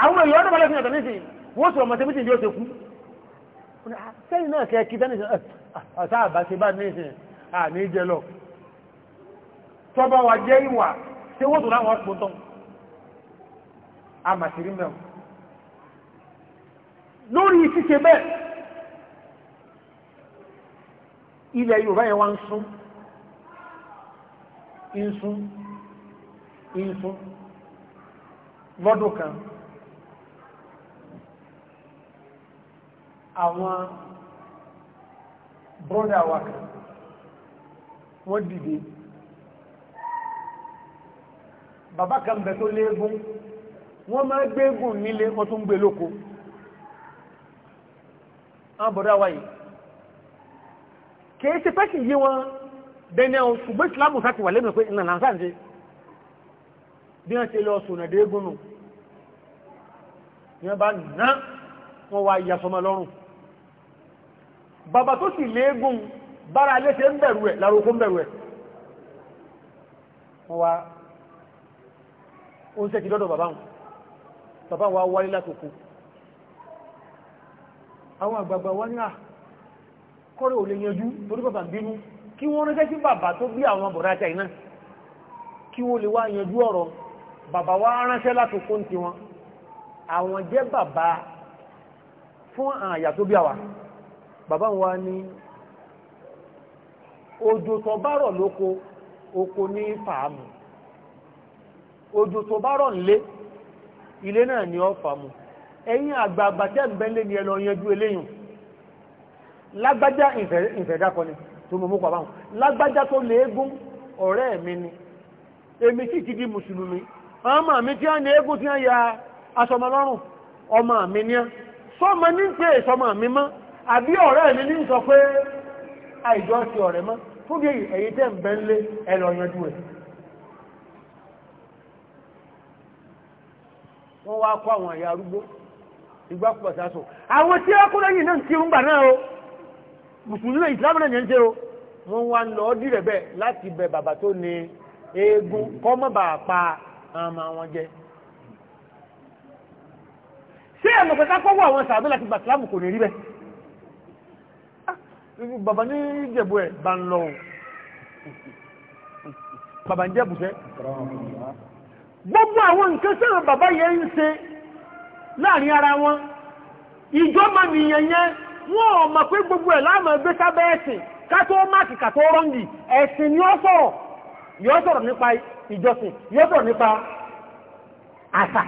àwọn èèyàn ọdún balẹ̀ ìyàtọ̀ nísìn wọ́n sọ ọmọ tẹ́mítì yóò ṣe kú ah, sẹ́yìn náà kẹ́ kí dánìsìn ọ̀sá àbáṣe bá nísìn àní jẹ lọ tọ́bọ̀ wà jẹ́ ìwà tí wọ́n tó láwọn ọ̀pọ̀ tán a mà sí rí mẹ́wọ̀n lórí ṣíṣe bẹ́ẹ̀ ilẹ̀ Yorùbá yẹn wá ń sún ń sún ń sún lọ́dún kan àwọn brọ́dà wa kan wọ́n dìde bàbá kan bẹ̀ tó léegun wọ́n máa gbégùn nílé wọ́n tún gbé lóko àwọn bọ̀dá wáyé kìí ṣe pẹ́sì yí wọn bẹni ẹ̀hùn ṣùgbọ́n ìsìlámù sáti wà lẹ́nu pé ìlànà sáà ṣe bí wọ́n ṣe lọ sùnà déégún wọ́n bá nà wọ́n wá ìyàsọmọ lọ́rùn bàbá tó sì léégún bára alé ṣe ń bẹ̀rù ẹ̀ láròkó ń bẹ̀rù ẹ̀ wọ́n wá ó ń sẹ́kì lọ́dọ̀ bàbá wọn bàbá wa wáyé látòkó àwọn àgbààgbà wá ní à kọ́rẹ̀ ò lè yanjú torí bàbá ń bínú kí wọ́n rẹ́ sí bàbá tó bí àwọn bọ̀dá àti kí wọ́n lè wá yanjú ọ̀rọ̀ bàbá wa ránṣẹ́ látòkó ń ti wọn àwọn jẹ́ bàbá fún àyà tó bí àwà bàbá wa ní òjò tó bá rọ̀ lóko oko ní fàámù òjò tó bá rọ̀ nílé ilé náà ni ọ fàámù ẹ̀yin àgbààgbà tẹ́ ń bẹ́lé ni ẹ lọ yanjú eléyìn lágbájá ìfẹ̀dákọ ni tó mọ̀ mọ́kọ̀ àbáhùn lágbájá tó lè ọ̀rẹ́ mi ni èmi tí ti di mùsùlùmí ọmọ mi tí a ní égún tí a ya asọmọlọ́rùn ọmọ mi ni a sọmọ ní pé sọmọ mi mọ́ àbí ọ̀rẹ́ mi ní sọ pé àìjọ ti ọ̀rẹ́ mọ́ fún bí èyí tẹ́ ń bẹ́ńlé ẹ̀rọ yanjú ẹ̀ wọ́n wá kọ́ àwọn àyà arúgbó ìgbà pọ̀sásò àwọn tí ó kú lẹ́yìn náà ti ń gbà náà o mùsùlùmí ìsìlámù náà yẹn ń ṣe o wọ́n wá ń lọ dìrẹ̀ bẹ́ẹ̀ láti bẹ bàbá tó ní eégún kọ́mọ́bà pa àmà wọn jẹ ṣé ẹ̀mọ̀kẹ́ká kọ́wọ́ àwọn sàbẹ́ láti gbà ìsìlámù kò ní rí bẹ́ẹ̀ bàbá ní ìjẹ̀bú ẹ̀ gbogbo àwọn nǹkan sẹ́rọ̀ bàbá yẹn ń ara wọn ìjọba nìyẹn yẹn wọ́n ò mọ̀ gbogbo ẹ̀ láàmú ẹgbẹ́ sábẹ́ ẹ̀sìn ka to ka to ni asa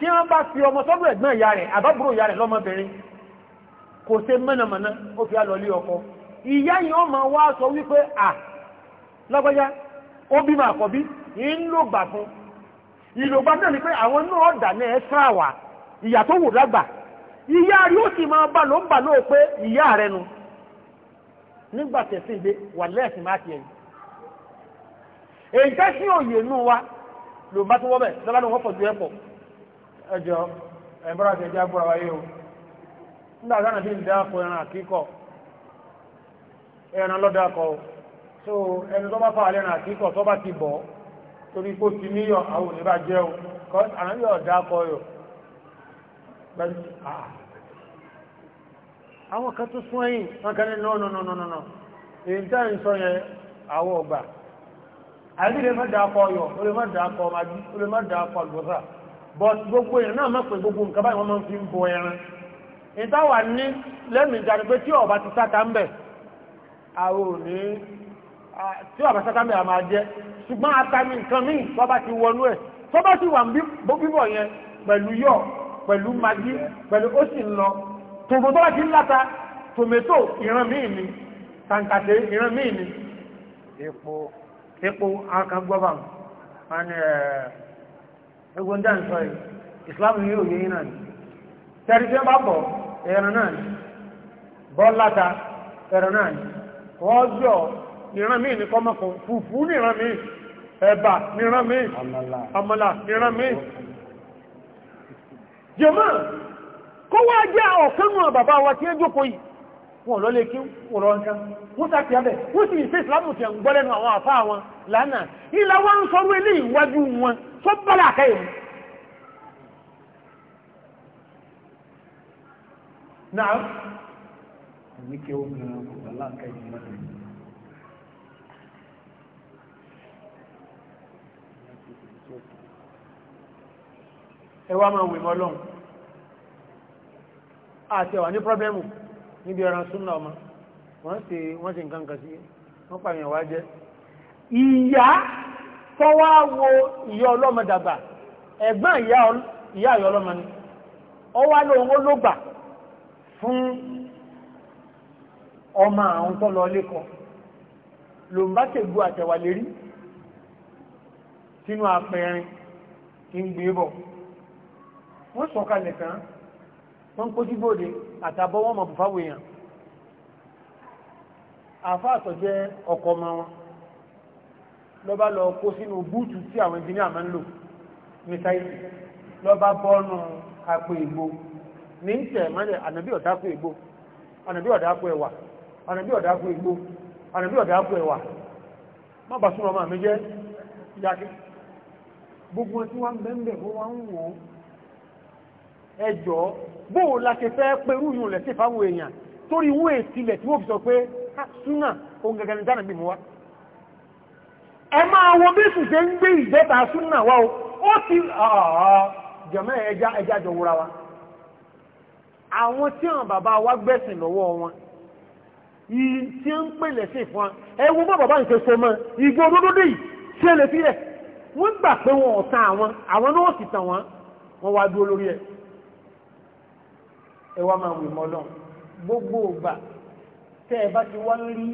tí wọ́n bá fi ọmọ sọ́dọ̀ ẹ̀gbọ́n ìyá rẹ̀ àbábúrò ìyá rẹ̀ lọ́mọbìnrin kò se mọ́nàmọ́ná ó fi alọ́lé ọkọ ìyá yìí ọmọ sọ wípé à lọ́gbọ́já ó bí máa kọ̀ bí ń ló gbà fún ìlògbà náà ni pé àwọn náà dà ẹ́sà wà ìyà tó wù lágbà ìyá rí ó sì máa bá ló ń bà pé ìyá nu nígbà tẹ̀sí ìgbé wà lẹ́ẹ̀sìn tiẹ̀ yìí èyí wa lòun bá tún ju ẹjọ ẹ̀bọ́ra ti ẹjá gbọ́ra wáyé o nígbà tí wọ́n ń dáko ẹran àkíkọ̀ ẹran so ẹni tó bá fà á lẹ́ran àkíkọ̀ tó bá ti bọ̀ torí kó ti àwọn òní bá jẹ́ o kọ́ àwọn kan tó sún wọn kan ní èyí ń sọ yẹn ọgbà àìsí lè má ó lè má ọmọ but gbogbo èèyàn náà mọ̀ pé gbogbo nǹkan báyìí wọ́n máa ń fi ń bọ ẹran ìtawà ní lẹ́mìí ìjà ni pé tí ọba ti sáta ń bẹ̀ àwọn ò ní tí ọba sáta ń bẹ̀ àmà jẹ́ ṣùgbọ́n atami nǹkan míì tó bá ti wọnú ẹ̀ tó bá ti wà bíbọ̀ yẹn pẹ̀lú yọ̀ pẹ̀lú magi pẹ̀lú ó sì ń lọ tòmò tó bá ti ń láta tòmẹ́tò ìran míì ni tàǹkàtẹ́ ìran míì ni epo epo akàgbọ́bà wọn ni gbogbo ń dáǹsọ yìí islam ní òye yìí náà ni tẹ́rí tí wọ́n bá bọ̀ ẹ̀rọ náà ni bọ́láta ẹ̀rọ náà ni wọ́n jọ ìran míì ní kọ́mọkùn fùfú níran míì ẹ̀bà níran míì àmàlà níran míì jẹ́mọ́ kó wá jẹ́ ọ̀kánú bàbá wa tí ẹ jókòó yìí wọn lọ lè kí wọ̀rọ̀ nǹkan wọ́n sàtì abẹ̀ wọ́n sì ìfẹ́ ìsìlámù tí a ń gbọ́ àwọn àfá wọn lánàá ilá wọ́n ń sọrú ilé ìwájú wọn tó bọ́lá àkáyè náà ní kí ó gbìyànjú kò bọ́lá àkáyè mú ẹwà máa wèmọ́ lọ́n àti ẹ̀wà ní pọ́blẹ́mù níbi ẹran súnà ọmọ wọ́n sì wọ́n sì nǹkan kan sí wọ́n pàmì wá jẹ́ ìyá tọ́wá wo ìyá ọlọ́mọ dàgbà ẹ̀gbọ́n ìyá ìyá ọlọ́mọ ni ọ wá lóhun ó ló gbà fún ọmọ àwọn tó lọ lẹ́kọ̀ọ́ ló ń bá tègbú àtẹ̀wà lérí sínú apẹ̀rin kí ń gbé bọ̀ wọ́n sọ̀kalẹ̀ tán wọ́n kójú bóde àtàbọ̀ wọn mọ̀ bùfáwò èèyàn àfáàtọ̀ jẹ́ ọkọ̀ ọmọ wọn lọ́bá lọ kó sínú búùtù tí àwọn ẹnjìníà máa ń lò ní sáìtì lọ́bá bọ́ọ̀nù àpò ìgbò ní tẹ̀ mọ́lẹ̀ ànàbí ọ̀dápò ìgbò ànàbí ọ̀dápò ẹ̀wà ànàbí ọ̀dápò ìgbò ànàbí ọ̀dápò ẹ̀wà má bà súnmọ́ máa mi jẹ́ yákí gbogbo tí wọ́n bẹ́ẹ̀ bẹ́ẹ̀ wọ́n wò ẹjọ́ bóò la ṣe fẹ́ pẹ̀rú yùn lẹ̀ sí fáwọn èèyàn torí wọ́n èsìlẹ̀ tí wọ́n fi sọ pé súnà ohun gẹ̀gẹ̀ ní tánà bí mu wá ẹ máa wọ bí sùn ń gbé ìjẹta súnà wá ó ti jọmọ wa àwọn tí àwọn bàbá wa gbẹ̀sìn lọ́wọ́ wọn yìí tí ń pè lẹ́sìn fún wa ẹ wo bá bàbá nìkan so mọ́ ìgbó olódódé yìí tí ẹ lè ẹ wá máa wè mọ́ lọ́n gbogbo ògbà tẹ́ ẹ bá ti wá ń rí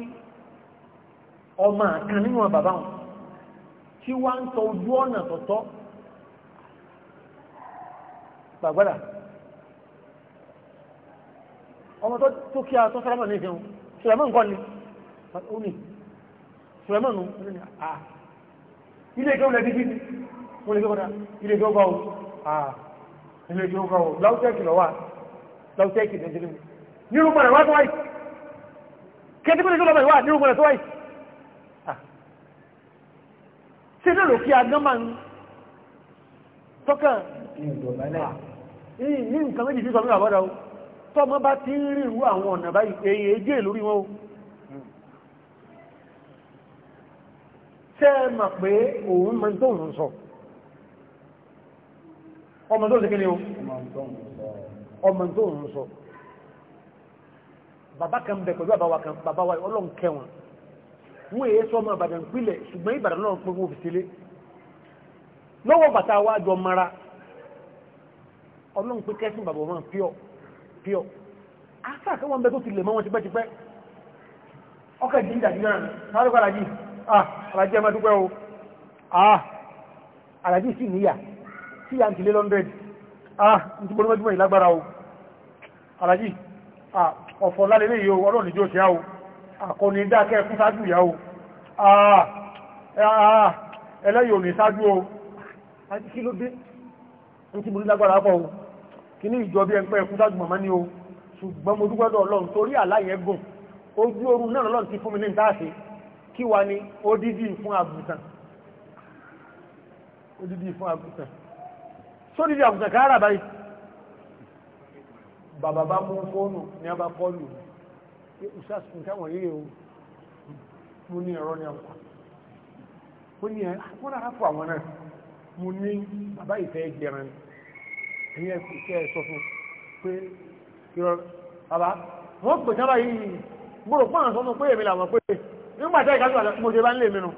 ọmọ kan nínú bàbá wọn tí wá ń tọ ojú ọ̀nà tọ̀tọ̀ gbàgbọ́dà ọmọ tó kí a tọ́ sálámà ní ìfẹ́ wọn sùlẹ̀mọ́ nǹkan ni ó ní sùlẹ̀mọ́ nù ó ní à ilé ìgbẹ́ òlẹ̀ dídí wọ́n lè gbẹ́ kọ́dá ilé ìgbẹ́ ọgbà à ilé ìgbẹ́ ọgbà láwùjẹ́ kìlọ̀ wà lọ sí ẹ̀kì nàìjíríà nírú mọ̀nà wá tó wáyé kẹ́tí pínlẹ̀ tó lọ́mọ ìwà tó wáyé ṣe náà ló kí agán máa ń tọ́kàn ah. ní nǹkan méjì sí sọmí àbọ́dá o tọ́mọ bá ti ń rí irú àwọn ọ̀nà báyìí èyí èjì ni o ọmọ tó ń sọ bàbá kan bẹ pẹ̀lú àbáwá kan bàbá wa ọlọ́run kẹwọn wọ́n èyí sọ ọmọ ìbàdàn pílẹ̀ ṣùgbọ́n ìbàdàn náà pé wọ́n fi sílé lọ́wọ́ bàtà wa jọ mara ọlọ́run pé kẹ́sìn bàbá wọn píọ̀ píọ̀ afá kan wọn bẹ tó ti lè mọ́ wọn tipẹ́tipẹ́ ọkọ̀ ìdí ìdàdí náà sáré kọ́ alájí ah alájí ẹ máa dúpẹ́ o ah alájí sì níyà sí àǹtí lé lọ́ndẹ̀d ah ní ti gbọ́dọ̀ mẹ́jọ́ alájì ọ̀fọ̀ lálẹ́lẹ́ yóò ọlọ́ ní jóṣẹ́ àwò àkọni dákẹ́ fún sáájú ìyàwó ẹlẹ́yìn ní sáájú o àti kí ló dé ní tí mo rí lágbára pọ̀ o kí ní ìjọ bí ẹ ń pẹ́ fún sáájú màmá ní o ṣùgbọ́n mo dúgbọ́dọ̀ ọlọ́run torí àláyẹ gùn ojú oorun náà lọ́run ti fún mi ní ìtaàṣe kí wa ni odidi fún àgùntàn odidi fún àgùntàn sódidi àgùntàn káàrà báyìí bàbá bá mú fóònù ní ọba kọlù pé ìṣàṣùn táwọn o, mú ní ẹ̀rọ ní ọkọ̀ ó ní ẹ̀kọ́ náà fún àwọn náà mú ní bàbá ìfẹ́ jẹran ẹ̀yẹ ìfẹ́ sọ fún pé ìrọ̀ bàbá wọ́n pè sábà yìí gbòrò pọ́nà sọ́nà pé èmi làwọn pé nígbàtẹ́ ìkájú mo jẹ bá ń lè mìíràn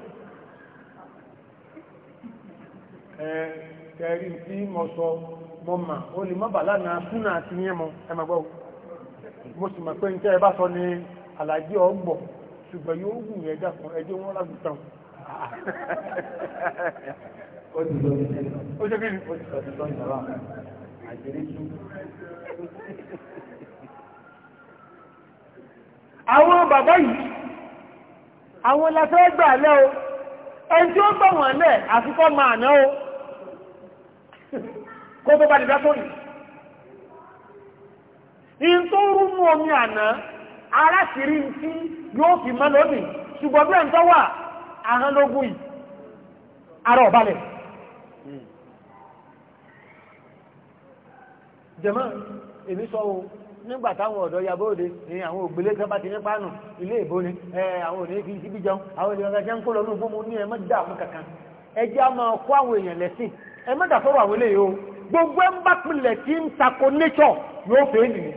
ẹ̀ẹ́dẹ̀ẹ́rí tí mo sọ mọ́ o ó lè mọ́bà lánàá súnà àti yẹn mọ́ ẹmọ̀gbọ́ mo sì mọ̀ pé ń tẹ́ ẹ bá sọ ní àlàjí ọgbọ̀ ṣùgbọ́n yóò wù yẹn jà fún ẹjọ́ wọn lágùtàn ó ṣe kí ni àwọn bàbá yìí àwọn lafẹ́ gbà lẹ́ o ẹni tí ó gbà wọ́n lẹ̀ àfikọ́ máa ná kó tó bá dìbẹ́ tó in tó rú mú omi àná tí yóò fi mọ́ lónìí ṣùgbọ́n bí wà yìí ara èmi sọ o nígbà táwọn ọ̀dọ́ ni àwọn òní fi síbí àwọn jẹ́ ń kó lọ ní ní ẹmọ́ àwọn kankan ẹjẹ́ a máa kó àwọn èèyàn lẹ́sìn ẹmọ́ gbogbo ẹ̀ ń bá pilẹ̀ tí ń takò nature yóò fẹ́ nìyí.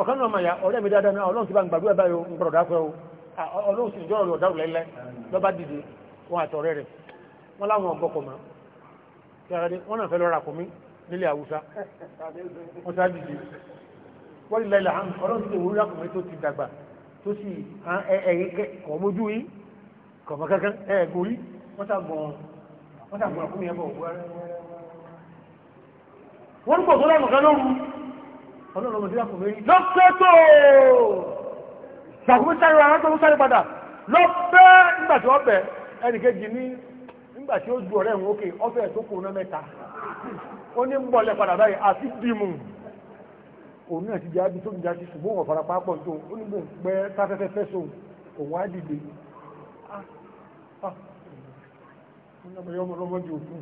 ọ̀kan náà màyà ọ̀rẹ́ mi dáadáa náà ọlọ́run ti bá ń gbàdúrà báyìí ń gbọ́dọ̀ dáfẹ́ o ọlọ́run sì ń jọ́rọ̀ lọ́dà rẹ̀ lẹ́lẹ́ lọ́ba dìde wọn àtọ̀rẹ́ rẹ̀ wọn láwọn ọgbọ́kọ̀ mọ́ kíáradé wọn náà fẹ́ lọ́ra kùnmí nílẹ̀ wọn sá dìde wọ́n lè lẹ́lẹ̀ hàn ọlọ́run ti wúrú lákùnmí tó ti dàgbà tó sì ẹ̀yìn kọ̀ọ̀mójú yìí kọ̀ọ̀mọ́ kankan ẹ̀ẹ́gòrí wọ́n tàbùn àkúnyẹ bọ̀ wọ́n pọ̀ tó lọ́nà kan lóru ọlọ́run ọmọdé àkùnrin lọ́pẹ́tò ṣàkùnrin sáré ara tó ń sáré padà lọ́pẹ́ nígbà tí wọ́n bẹ̀ ẹnì kejì ní nígbà tí ó ju ọ̀rẹ́ ìwọ̀n òkè ọ̀fẹ́ tó kù náà mẹ́ta ó ní ń padà báyìí ọmọ ọmọ jù òkú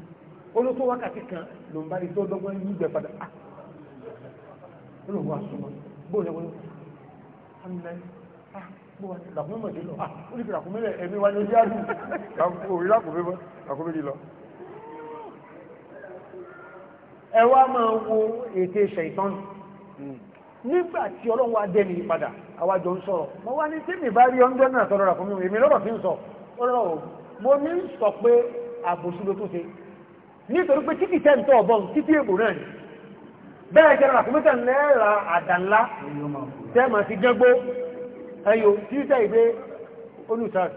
olóso wákàtí kan ló ń bá ní tó lọ́gbọ́n ní ìgbẹ́ padà olùwà ah! sọmọ bóòlù ẹwọ́n amílẹ̀ ah! làkúnmọ̀ dé lọ ah! ó ní fi làkúnmọ̀ lẹ̀ ẹ̀mí wa ni ó yára òrí làkúnmọ̀ mọ́ làkúnmọ̀ dé lọ. ẹ wá máa wo ète ṣẹ̀tọ́n nígbà tí ọlọ́run adé mi padà àwájọ ń sọ̀rọ̀ mo wá ní tí mi bá rí ọ́njẹ́ náà sọ̀rọ̀ làkúnmọ̀ èmi lọ́rọ̀ fi ń sọ ọ̀rọ̀ mo ní sọ pé àbòsí ló tó ṣe nítorí pé títí tẹ́ ń tọ́ ọ̀bọ̀n títí èbò náà ni bẹ́ẹ̀ jẹ́ rà kúmítà lẹ́ẹ̀rà àdàlá tẹ́mà sí jẹ́gbó ẹyò títà ìgbé olùsàk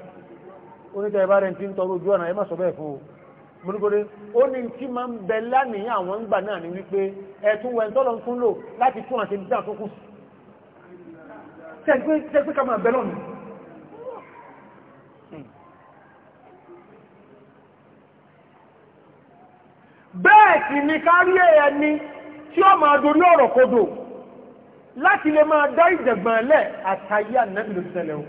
oníta ìbá rẹ̀ tí ń tọrọ ojú ọ̀nà ẹ má sọ bẹ́ẹ̀ fún o múlùkúrí ó ní tí máa ń bẹ lánìí àwọn ń gbà náà ni wípé ẹ̀tún wẹ̀ tọ́lọ ń tún lò láti tún àti ìdíjà tó kù sẹ́gbẹ́ ká máa bẹ lọ́nà bẹ́ẹ̀ sì ni kárí ẹni tí ó máa dorí ọ̀rọ̀ kodò láti lè máa dá ìjẹ̀gbọ̀n lẹ̀ àtàyé ànábì ló ṣẹlẹ̀ o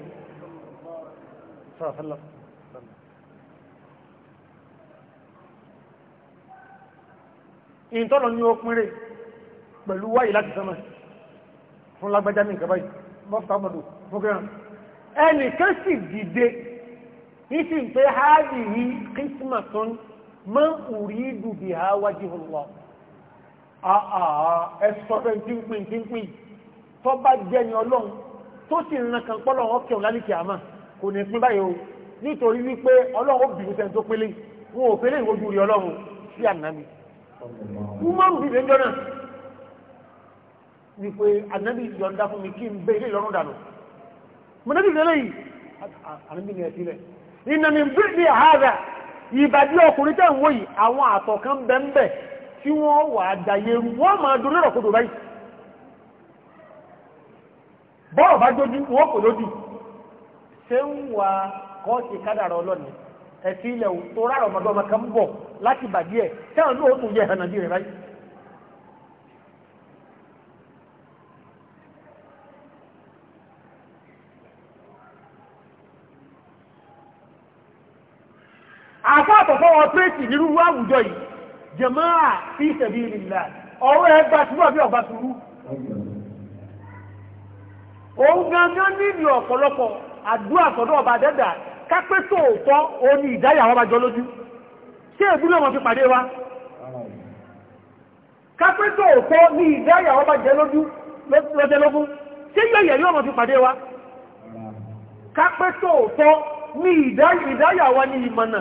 ìtọ́nà ni ó pínrè pẹ̀lú wáyé láti sánmà fún lágbàjá ní ìkàbáyì mọ́fà ọmọdù fúnkẹ́rán ẹnì kẹ́sì dìde ní sí pé háàdì yìí kírísímà tó ń man uridu biha wajhullah ẹ̀sọ́fẹ́ tí ń pín tí ń pín tó bá jẹ́ ni ọlọ́run tó sì rìnrìn kan pọ́lọ̀ ọ́kẹ̀ọ́ lálìkì àmà kò ní pín báyìí o nítorí wípé ọlọ́run ó bìí sẹ́ni tó pélé wọn ò pélé ìwójú rí ọlọ́run sí ànábì umaru bìbẹ̀ ńjọ́ náà wípé ànábì yọ̀ǹda fún mi kí n bẹ ilé ìlọ́run dànù mọ̀nẹ́bì lélẹ́yìí ànábì ni ẹ̀ ìbàdí ọkùnrin tẹ́ ń wò yìí àwọn àtọ̀kan bẹ́ńbẹ́ tí wọ́n wà àdàyẹrù wọ́n máa dorí rọ̀kúdò báyìí bọ́ọ̀ bá dójú wọ́n kò lójú ṣé ń wà kọ́ọ̀tì kádàrà ọlọ́ni ẹ̀fí ilẹ̀ tó rárọ̀ ọmọdé ọmọ kan bọ̀ láti ní fèsì nínú àwùjọ yìí jàmáà fi sabilillah ọ̀rọ̀ ẹ gba sùúrù àbí ọ̀gbà sùúrù. òun gangan níbi ọ̀pọ̀lọpọ̀ àdúrà sọ̀dọ̀ ọba dẹ́dà kápẹ́ tòótọ́ òní ìdáyà wọn bá jọ lójú ṣé ìbúlé wọn fi pàdé wa kápẹ́ tòótọ́ ní ìdáyà wọn bá jẹ lójú lọ́jẹ́lógún ṣé yẹ̀yẹ̀ yóò mọ̀ fi pàdé wa kápẹ́ tòótọ́ ní ìdáyà wa ní ìmọ̀nà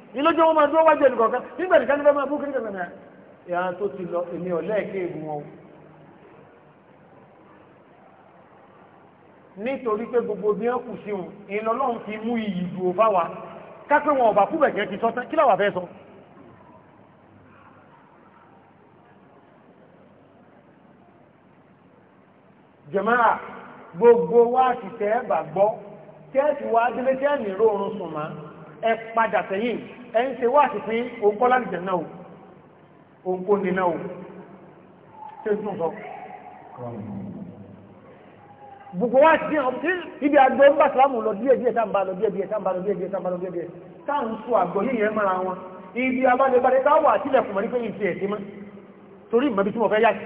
ní lójú wọn máa dúró wájú ẹnì kọ̀ọ̀kan nígbà nìkan ní bá máa bú kiri kankan náà ìyá tó ti lọ èmi ò lẹ́ẹ̀kẹ́ egun wọn o. nítorí pé gbogbo bí wọn kù sí òun ìlọ lọ́hùn fi mú iyì dùn fáwa kápẹ́ wọn ọ̀bà kúbẹ̀kẹ́ ti sọ́tán kí làwà fẹ́ sọ. jẹ̀máà gbogbo wa ti tẹ́ ẹ bà gbọ́ tẹ́ẹ̀tì wa délé tẹ́ẹ̀ nírò oorun sùn mọ́ ẹ padà sẹ́yìn ẹ̀ ń ṣe wá sí pé òun kọ́ láti jẹ̀nà o òun kò nínà o ṣe tún sọ gbogbo wa ti hàn tí ibi àgbọ̀ ń bá sàlámù lọ díẹ̀ díẹ̀ tá ń bá lọ díẹ̀ díẹ̀ tá lọ díẹ̀ díẹ̀ tá lọ díẹ̀ díẹ̀ tá àgbọ̀ yìí mara wọn ibi abálebalẹ tá wà sílẹ̀ fún mọ̀ ní pé ìṣe ẹ̀sìn mọ́ torí ìmọ̀bí tí mo fẹ́ yá sí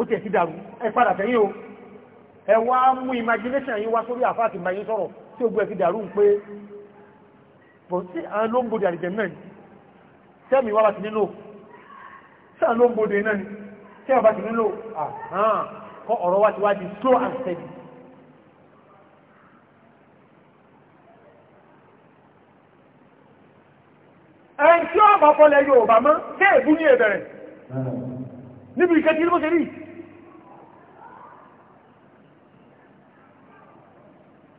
ó tiẹ̀ ti dàrú ẹ padà sẹ́yìn o ẹ wá mú imagination yín wá sórí àfáàtì máa sọ̀rọ̀ tí ó gbé ẹ dàrú pé kò a àwọn ló ń bodè àdìjẹ náà ni tẹ́mi wá bá ti nílò sáà ló ń bodè náà ni tẹ́mi bá ti nílò àhán kọ́ ọ̀rọ̀ wá ti wá di slow and steady ẹn tí ó bọ̀ fọ́lẹ̀ Yorùbá mọ́ kí èbú ní ẹ̀bẹ̀rẹ̀ níbi ìkẹ́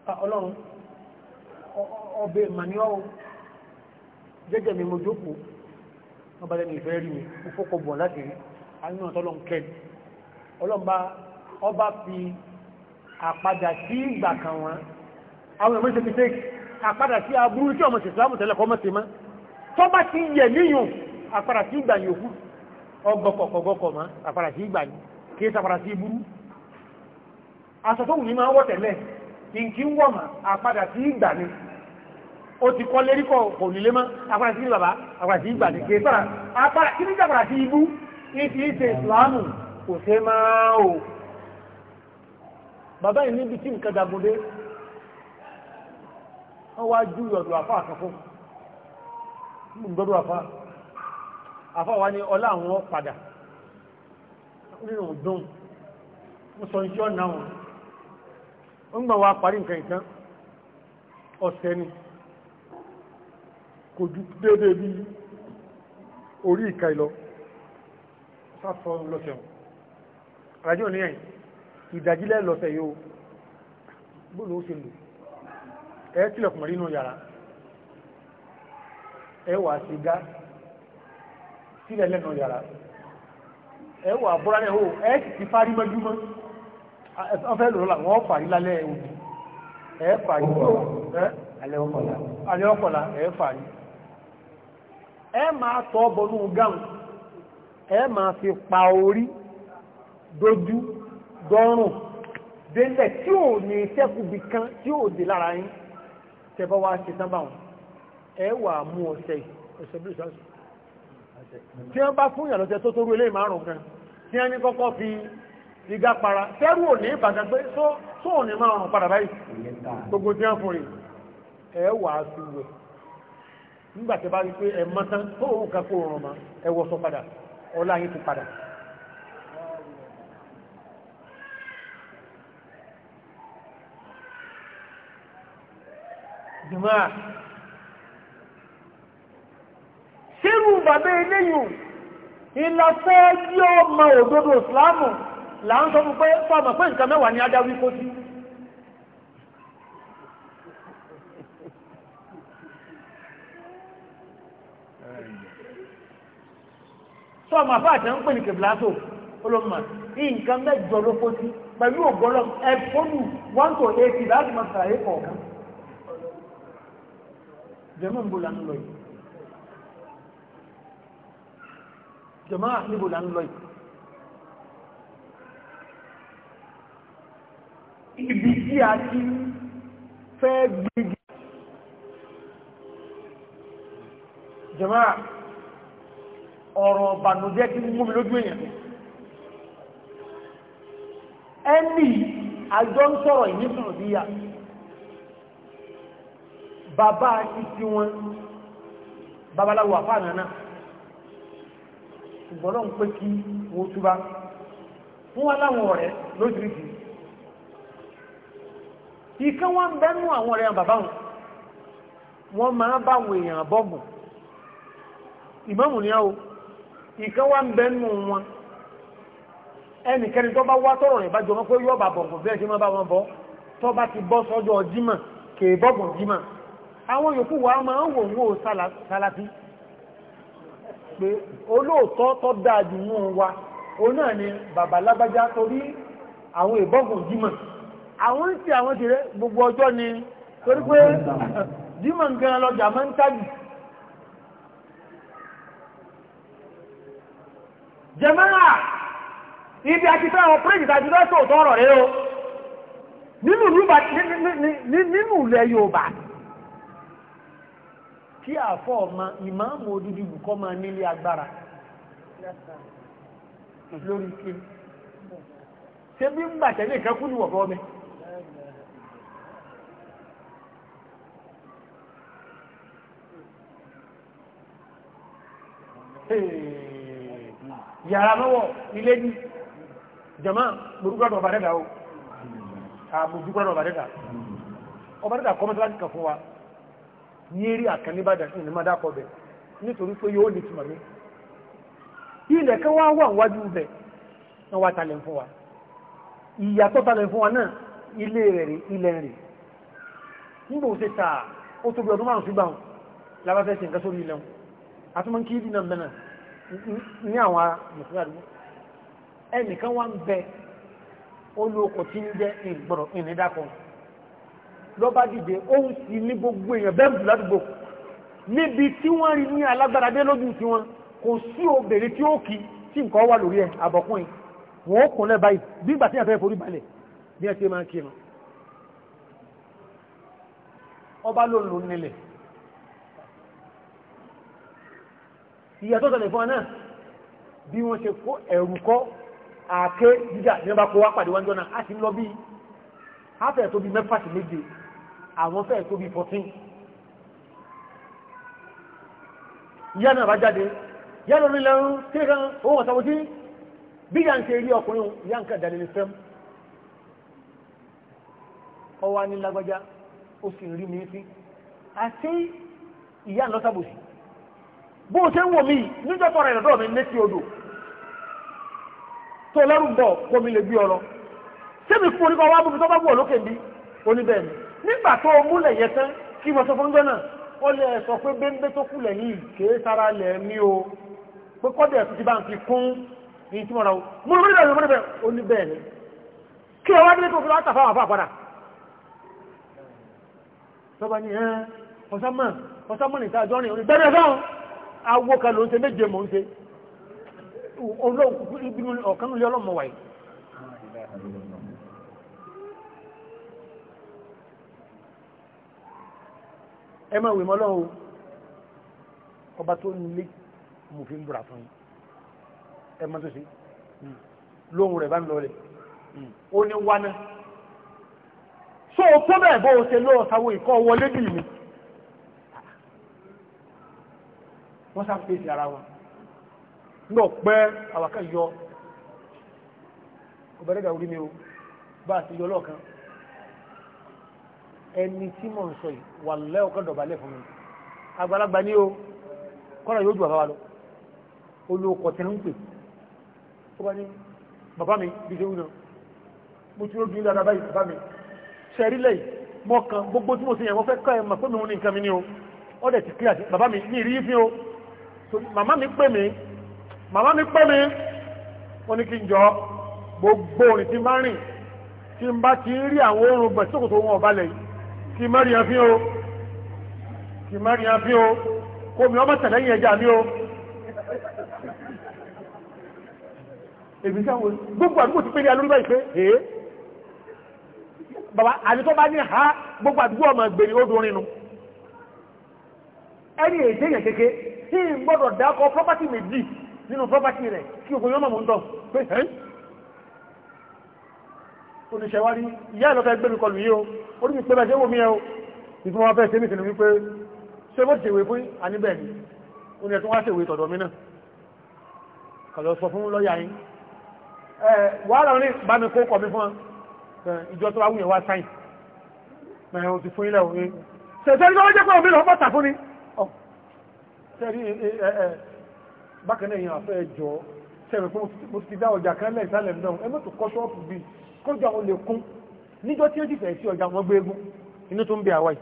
ah, ọlọ́run ọbẹ̀ maniọ́ jẹ́jẹ́ mi mo jókòó wọ́n bá lẹ́nu ìfẹ́ rí mi mo fọ́kọ̀ bọ̀ láti rí àyínà tọ́lọ́n kẹ́lì ọlọ́mbà ọba fi àpadà sí ìgbà kan wọn àwọn ẹ̀mọ́ ìṣẹ́kì tẹ́kì àpadà sí aburú tí ọmọ ìsìlámù tẹ́lẹ̀ kọ́ mọ́sí mọ́ tọ́ bá ti yẹ̀ níyùn àpadà sí ìgbà yòókù ọgbọ̀kọ̀kọ̀gọ́kọ̀ mọ́ àpadà sí ìgbà yìí kí sàpadà sí burú aṣọ wù ní máa wọ̀ kí n kí ń wọ̀ mọ́ àpadà sí ìgbà ni ó ti kọ́ lérí kọ̀ kò nílé mọ́ apára sí bàbá apára sí ìgbà nìké sọ́ra apára kí ní jàpàrà sí ibú ìtì ìṣe ìsìláàmù kò ṣe máa o bàbá yìí níbi tí nǹkan jagunde wọ́n wá ju ọ̀dọ̀ àfáà kan fún mú gbọ́dọ̀ àfáà àfáà wá ní ọlá àwọn padà nínú ọdún mo sọ iṣẹ́ ọ̀nà wọn ó ń gbà wá parí nǹkan ìtàn ọ̀sẹ̀ ni kò ju déédéé bí orí ìka ìlọ sáfọ lọ́sẹ̀ wọn àràjọ ní ẹ̀yìn ìdájílẹ̀ lọ́sẹ̀ yóò bóòlù ó ṣe lò ẹ tilẹ̀kùn rí inú yàrá ẹ wà sí gá sílẹ̀ lẹ́nu yàrá ẹ wà bọ́ra lẹ́hó ẹ sì ti fárí mọ́júmọ́ ọfẹ́ lòrọ́ làwọn ọ̀fàrí lálẹ́ òní ẹ fàrí alẹ́ ọ̀pọ̀lá ẹ fàrí ẹ máa tọ́ bọnú gáhùn ẹ máa fi pa orí dojú dọ́rùn délẹ̀ tí ò ní sẹ́kùbì kan tí ò dé lára yín tẹ́bọ́ wá ṣe tán báwọn ẹ wà mú ọ̀sẹ̀ ọ̀sẹ̀ bí ìṣàṣù tí wọ́n bá fún ìyàlọ́sẹ̀ tó tóru eléyìí márùn kan tí wọ́n ní kọ́kọ́ fi ìgá para tẹ́rù ò ní ìbàdàn pé tó ò ní márùn padà báyìí gbogbo tí wọ́n fún rè ẹ wà á fi wẹ̀ nígbà tẹ́ bá rí pé ẹ mọ́ tán tó òun kan kó rọrùn ma ẹ wọṣọ padà ọlá yín ti padà jùmọ́ ṣérù bàbá eléyìn ìlà fẹ́ yí ọmọ òdodo ìsìláàmù là ń sọ fún pé fọ́ọ̀mọ̀ pé nǹkan mẹ́wàá ni adáwí kó sí sọ ma fà àtẹ ń pè ní kìbìlátò olóma nǹkan mẹ́jọ ló kó sí pẹ̀lú ògbọ́lọ́ ẹ̀fọ́nù one to eight láti máa sàlàyé kọ̀ọ̀kan jẹ́mọ́ ń bò là ń lọ yìí jẹ́mọ́ níbo là ń lọ yìí ibi tí a ti fẹ́ gbígi jẹ̀mọ́ ọ̀rọ̀ bànújẹ́ tí mú mi lójú èèyàn ẹni àjọ ń sọ̀rọ̀ ìní sọ̀rọ̀ bí yà bàbá àti tí wọn babaláwo àfáàná náà ṣùgbọ́n náà ń pé kí wọ́n túbá fún aláwọn ọ̀rẹ́ lójúríjì ìkẹ́ wọ́n ń bẹ́nu àwọn ọ̀rẹ́ bàbá wọn máa báwọn èèyàn bọ́gbọ̀n ìmáàmù ní àwọ ìkan wá ń bẹ nù wọn ẹnikẹ́ni tó bá wá tọ́rọ̀ rẹ̀ bá jọmọ́ pé yọ́ bà bọ̀gbọ̀n bí ẹ̀ṣẹ́ máa bá wọn bọ́ tó bá ti bọ́ sọ́jọ́ jímọ̀ kèé bọ́gbọ̀n jímọ̀ àwọn yòókù wa máa ń wò wó sálàtí pé olóòtọ́ tó dáa jù mú wa o náà ni bàbá lágbájá torí àwọn ìbọ́gbọ̀n jímọ̀ àwọn tí àwọn ti rẹ̀ gbogbo ọjọ́ ni torí pé jímọ̀ nǹkan lọ́jà máa ń tàbí jẹmọ́nà ibi àti fẹ́ àwọn pírẹ́jì tàbí lọ́tọ̀ tó ọ̀rọ̀ rẹ o nínú ilẹ̀ Yorùbá kí àfọ́ ọmọ ìmáàmù odidi bùkọ́ máa nílé agbára lórí kí ṣe bí ń gbàtẹ̀ ní ìkẹ́kúnnù ọ̀gọ́ mi Hey yàrá lọ́wọ́ ilé ní jama gbogbo ọba dẹ́dà o àbójúgbọ́ ọba dẹ́dà ọba dẹ́dà kọ́ mọ́sálásí kan fún wa ní eré àkànníbàdàn ní ìnumá dákọ̀ bẹ̀ nítorí pé yóò ní tìmọ̀ mi ilẹ̀ kan wá wà wájú bẹ̀ wọ́n wá talẹ̀ fún wa ìyàtọ̀ talẹ̀ fún wa náà ilẹ̀ rẹ̀ nígbà kí dínà mẹ́rin ní àwọn mùsùlùmí àdúgbò ẹnìkan wá ń bẹ olóko tí ń jẹ́ ìgbọ̀rọ̀ ìnídàkọ̀ lọ́ba dìde ó ń sì ní gbogbo èèyàn bẹ́ẹ̀ bù ládùúgbò níbi tí wọ́n rí ní alágbára dé lójú tí wọ́n kò sí obìnrin tí ó kì tí nǹkan wà lórí ẹ̀ àbọ̀kùnrin wọ́n ó kùnlẹ̀ báyìí bí ìgbà tí àfẹ́ forí balẹ̀ bí ẹ ti máa kírun ọba ló lò nílẹ̀ ìyàtọ̀ tẹ̀lẹ̀ fún náà bí wọ́n ṣe kó ẹ̀rù kọ́ àáké jíjà ní ọba kó wá pàdé wájú náà á ti lọ bí áfẹ́ tó bí mẹ́fà sí méje àwọn fẹ́ tó bí 14 ìyá náà bá jáde ìyá lórí lẹ́rún tí kan owó ọ̀sán ojú bí ìyá ń ṣe rí ọkùnrin ìyá ń kà dàlẹ́ lè fẹ́m ọwọ́ ní lágbájá ó sì rí mi sí àti ìyá ń lọ bó o ṣe ń wò mí níjọ́ tọrọ ìrọ̀dọ́ mi létí odò tó lẹ́rù ń bọ̀ gómi lè gbé ọ lọ sẹ́mi fún oníkọ́ wa bóbi tó bá wù ọ lókè bí oníbẹ̀ mi nígbà tó o múlẹ̀ yẹ tán kí mo sọ fún gbẹ́ náà ó lè sọ pé bẹ́ńbẹ́ tó kù lẹ́yìn kèé sára lẹ̀ mí o pé kọ́dẹ̀ ẹ̀sùn ti bá ń fi kún ní tí mo ra o mo lóbi bẹ́ẹ̀ mo lóbi bẹ́ẹ̀ oníbẹ̀ mi kí ọ wá délé tó fi láti àfáwọn àfáà padà tọ́ba ni ẹ ọ̀sán mọ̀ ọ̀sán mọ̀ nìta jọ́rin oníbẹ̀rẹ̀ sọ́run awo kan ló ń ṣe méje mò ń ṣe ọ̀kan ló lé ọlọ́mọ wáyé. ẹ máa wè mọ́ lọ́wọ́ ọba tó ń lé mo fi ń bùrà fún yín ẹ máa tó ṣe lóhùn rẹ̀ bá ń lọ rẹ̀ ó ní wánà. so tó bẹ́ẹ̀ bó o ṣe lọ́ọ́ sáwọ́ ìkọ́ wọlé bì mí. wọ́n sáfẹ́sì ara wọn ní ọ̀pẹ́ àwàkà yọ ọ̀bẹ̀rẹ̀dà orí mi o bá ti yọ lọ́ọ̀kan ẹni tí mọ̀ ń sọ yìí wà lẹ́ọ̀kọ́ dọ̀bálẹ̀ fún mi àgbàlagbà ní o kọ́nà yóò jù bàbá wa lọ olóòkọ̀ tẹ́ ń pè ó bá ní bàbá mi bí ṣe wù náà mo ti rójú ní dáadáa báyìí bàbá mi ṣẹ̀rí lẹ́yìn mọ́ kan gbogbo tí mo ti yẹ̀ wọ́n fẹ́ kọ́ ẹ̀ mọ̀ pé mi wọn ní nǹkan mi ní o ọ̀dẹ̀ ti kíláàsì bàbá mi ní ìrírí fi o màmá mi pè mí màmá mi pè mí wọ́n ní kí n jọ gbogbo orin tí n bá rìn tí n bá ti rí àwọn oorun gbẹ̀ sókòtò wọn ọ̀balẹ̀ yìí kí n má rí yan fi o kí n má rí yan fi o kó mi ọmọ tẹ̀lé yẹn jà mí o. èmi sáwọn gbogbo àdúgbò ti pé ní alórí báyìí pé ee baba àdìtọ́ bá ní ha gbogbo àdúgbò ọmọ ìgbèrè ó dorin nu ẹni èdè yẹn kéke tí ń gbọ́dọ̀ dákọ property méjì nínú property rẹ̀ kí òkú yọ́mọ̀ mọ́ ń tọ́ pé ẹ́ oníṣẹ́wárí ìyá ìlọ́fẹ́ gbẹ́rù kọlù yí o orí mi pé bá ṣe wò mí ẹ o ìfún wọn fẹ́ ṣe mí sínú wípé ṣé bó ṣèwé fún àníbẹ̀ ni ó ní ẹ̀ tó wá ṣèwé tọ̀dọ̀ mi náà kàlọ́ sọ fún lọ́ọ̀yà yín ẹ wàhálà ní bá mi kó kọ̀ mi fún ìjọ tó wá wúyẹ̀ wá sáyìn mẹ́rin ti fún ilẹ̀ òun ṣèṣẹ́ ní wọ́n jẹ́ pé òun mi lọ́ tẹ́rí ẹ̀ẹ́ bákanáà èèyàn àfẹ́ ẹjọ́ tẹ́rẹ̀ pé mo ti dá ọjà kan lẹ́sàlẹ̀ náà ẹ mọ́tò kọ́ ṣọ́ọ̀pù bíi kọjá wọn lè kún níjọ́ tí ó ti fẹ̀ sí ọjà wọn gbé egun inú tó ń bẹ àwa yìí.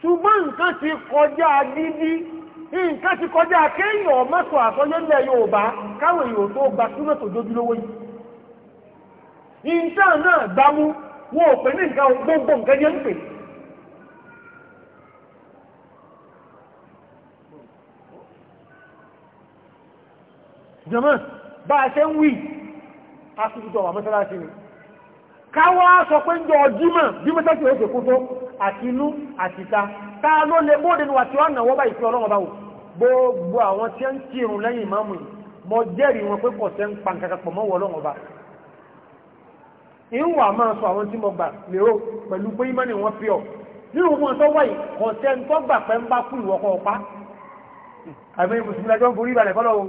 ṣùgbọ́n nǹkan ti kọjá dídí nǹkan ti kọjá kéèyàn mọ́tò àsọyẹ́lẹ̀ Yorùbá káwọn èèyàn tó gba túnmọ̀ tó dójúlówó yìí. ìǹtà náà gbámú wọn ò pè ní nǹkan gbogbo nǹkan yẹn ń pè jẹ́mọ́ bá a ṣe ń wí asùkùtọ̀ wà mọ́sálásí ni káwọ́ sọ pé ń jọ ọjímọ̀ bí mọ́sálásí ó ṣekú tó àti inú àti ta ta ló lè bóde ni wà tí wọ́n nà wọ́n bá ìfẹ́ ọlọ́wọ́ báwò gbogbo àwọn tí ń kírun lẹ́yìn ìmáàmù yìí mo jẹ́rìí wọn pé pọ̀ tẹ́ ń pa nǹkan kan pọ̀ mọ́ wọ́n ọlọ́wọ́ bá ìwà máa sọ àwọn tí mo gbà lérò pẹ̀lú pé ìmọ̀ ni wọ́n fi ọ̀ nínú wọn tó wáyé kọ̀ọ̀tẹ́ ìbàlẹ̀ fọ́lọ́wọ́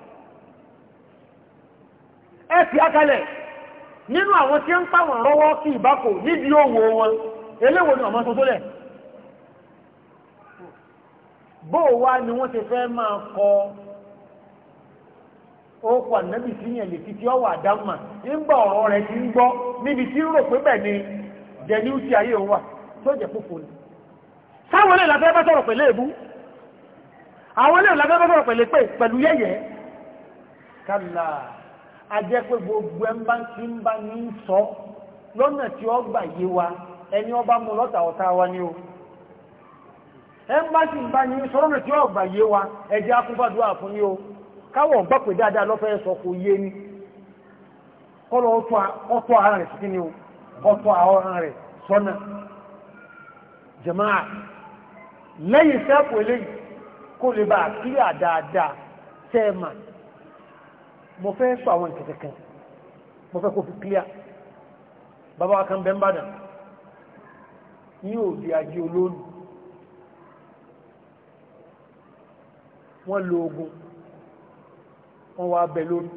ẹ fi akalẹ̀ nínú àwọn tí ń pàwọn rọwọ́ sí ìbákò níbi òwò wọn eléwo ni ọmọ tó lẹ̀ bó wá ni wọ́n ti fẹ́ máa kọ ókò ànábì sí yẹn lè fi tí ọ wà dáhùnmà ń bọ̀ ọ̀rọ̀ rẹ̀ ti ń gbọ́ níbi tí rò pé ni jẹ̀ní ti ayé wà tó jẹ́ púpọ̀ ni sáwọn ilé ìlàfẹ́ bá sọ̀rọ̀ pẹ̀lú àwọn ilé ìlàfẹ́ sọ̀rọ̀ pẹ̀lú ajẹ́ pé gbogbo ẹ̀ tí ń sọ lọ́nà tí ó gbà wa ẹni ọba mú lọta ọta wa ni o ẹ tí ń sọ lọ́nà tí ó gbà yé wa ẹjẹ́ akúnfàdúrà fún ni káwọ̀ dáadáa sọ kò yé ni kọ́lọ̀ ọ̀tọ̀ ara rẹ̀ sí ni o ọ̀tọ̀ ara rẹ̀ sọ́nà jẹ̀máà lẹ́yìn sẹ́pù eléyìí mo fẹ́ sọ àwọn kẹ̀kẹ̀kẹ́ mo fẹ́ kó fi clear bàbá wa kan bẹ́ ń bàdàn ní òbí ajé olóòlù wọ́n lo ogun wọ́n wá bẹ̀ lórí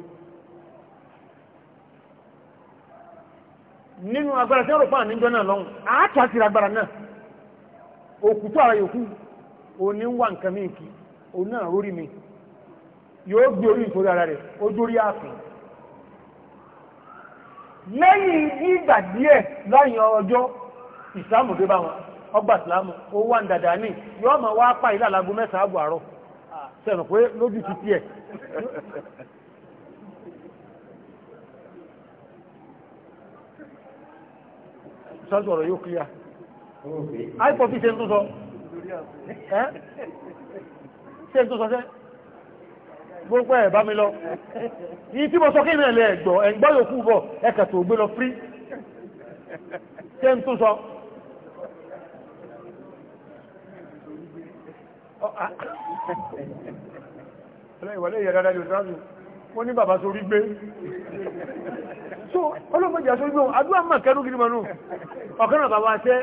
nínú agbára tí wọ́n rò fáà níjọ́ náà lọ́hùn àátọ́ agbára náà òkùtọ́ ara yòókù òní ń wà nǹkan mìíràn kí òun náà rórí mi. yóò gbé orí ìkórè ara rẹ̀ ó dórí ààfin lẹ́yìn nígbà díẹ̀ láyìn ọjọ́ ìsìlámù dé bá wọn ọgbà ìsìlámù ó wà ní dàdà ní yóò máa wá pa ìlà àlágún mẹ́sàn àbọ̀ àárọ̀ pé lójú ti tiẹ̀ sọ́jú ọ̀rọ̀ yóò clear ipop ṣe ń tún sọ ṣe ń tún sọ gbogbo ẹ̀ bá mi lọ yìí tí mo sọ kéèmì ẹ̀lẹ́ ẹ̀gbọ́ ẹ̀gbọ́ yòókù bọ̀ ẹ̀kà tó gbé lọ frí tẹ́ ń tún sọ ìwọ̀lẹ́ ìyẹ̀ dáadáa yóò sáájú wọ́n ní bàbá sórí gbé so ọlọ́mọdé àsórí gbé àdúrà mọ̀ kẹ́rù gírí mọ̀ nù ọ̀kẹ́rù bàbá tẹ́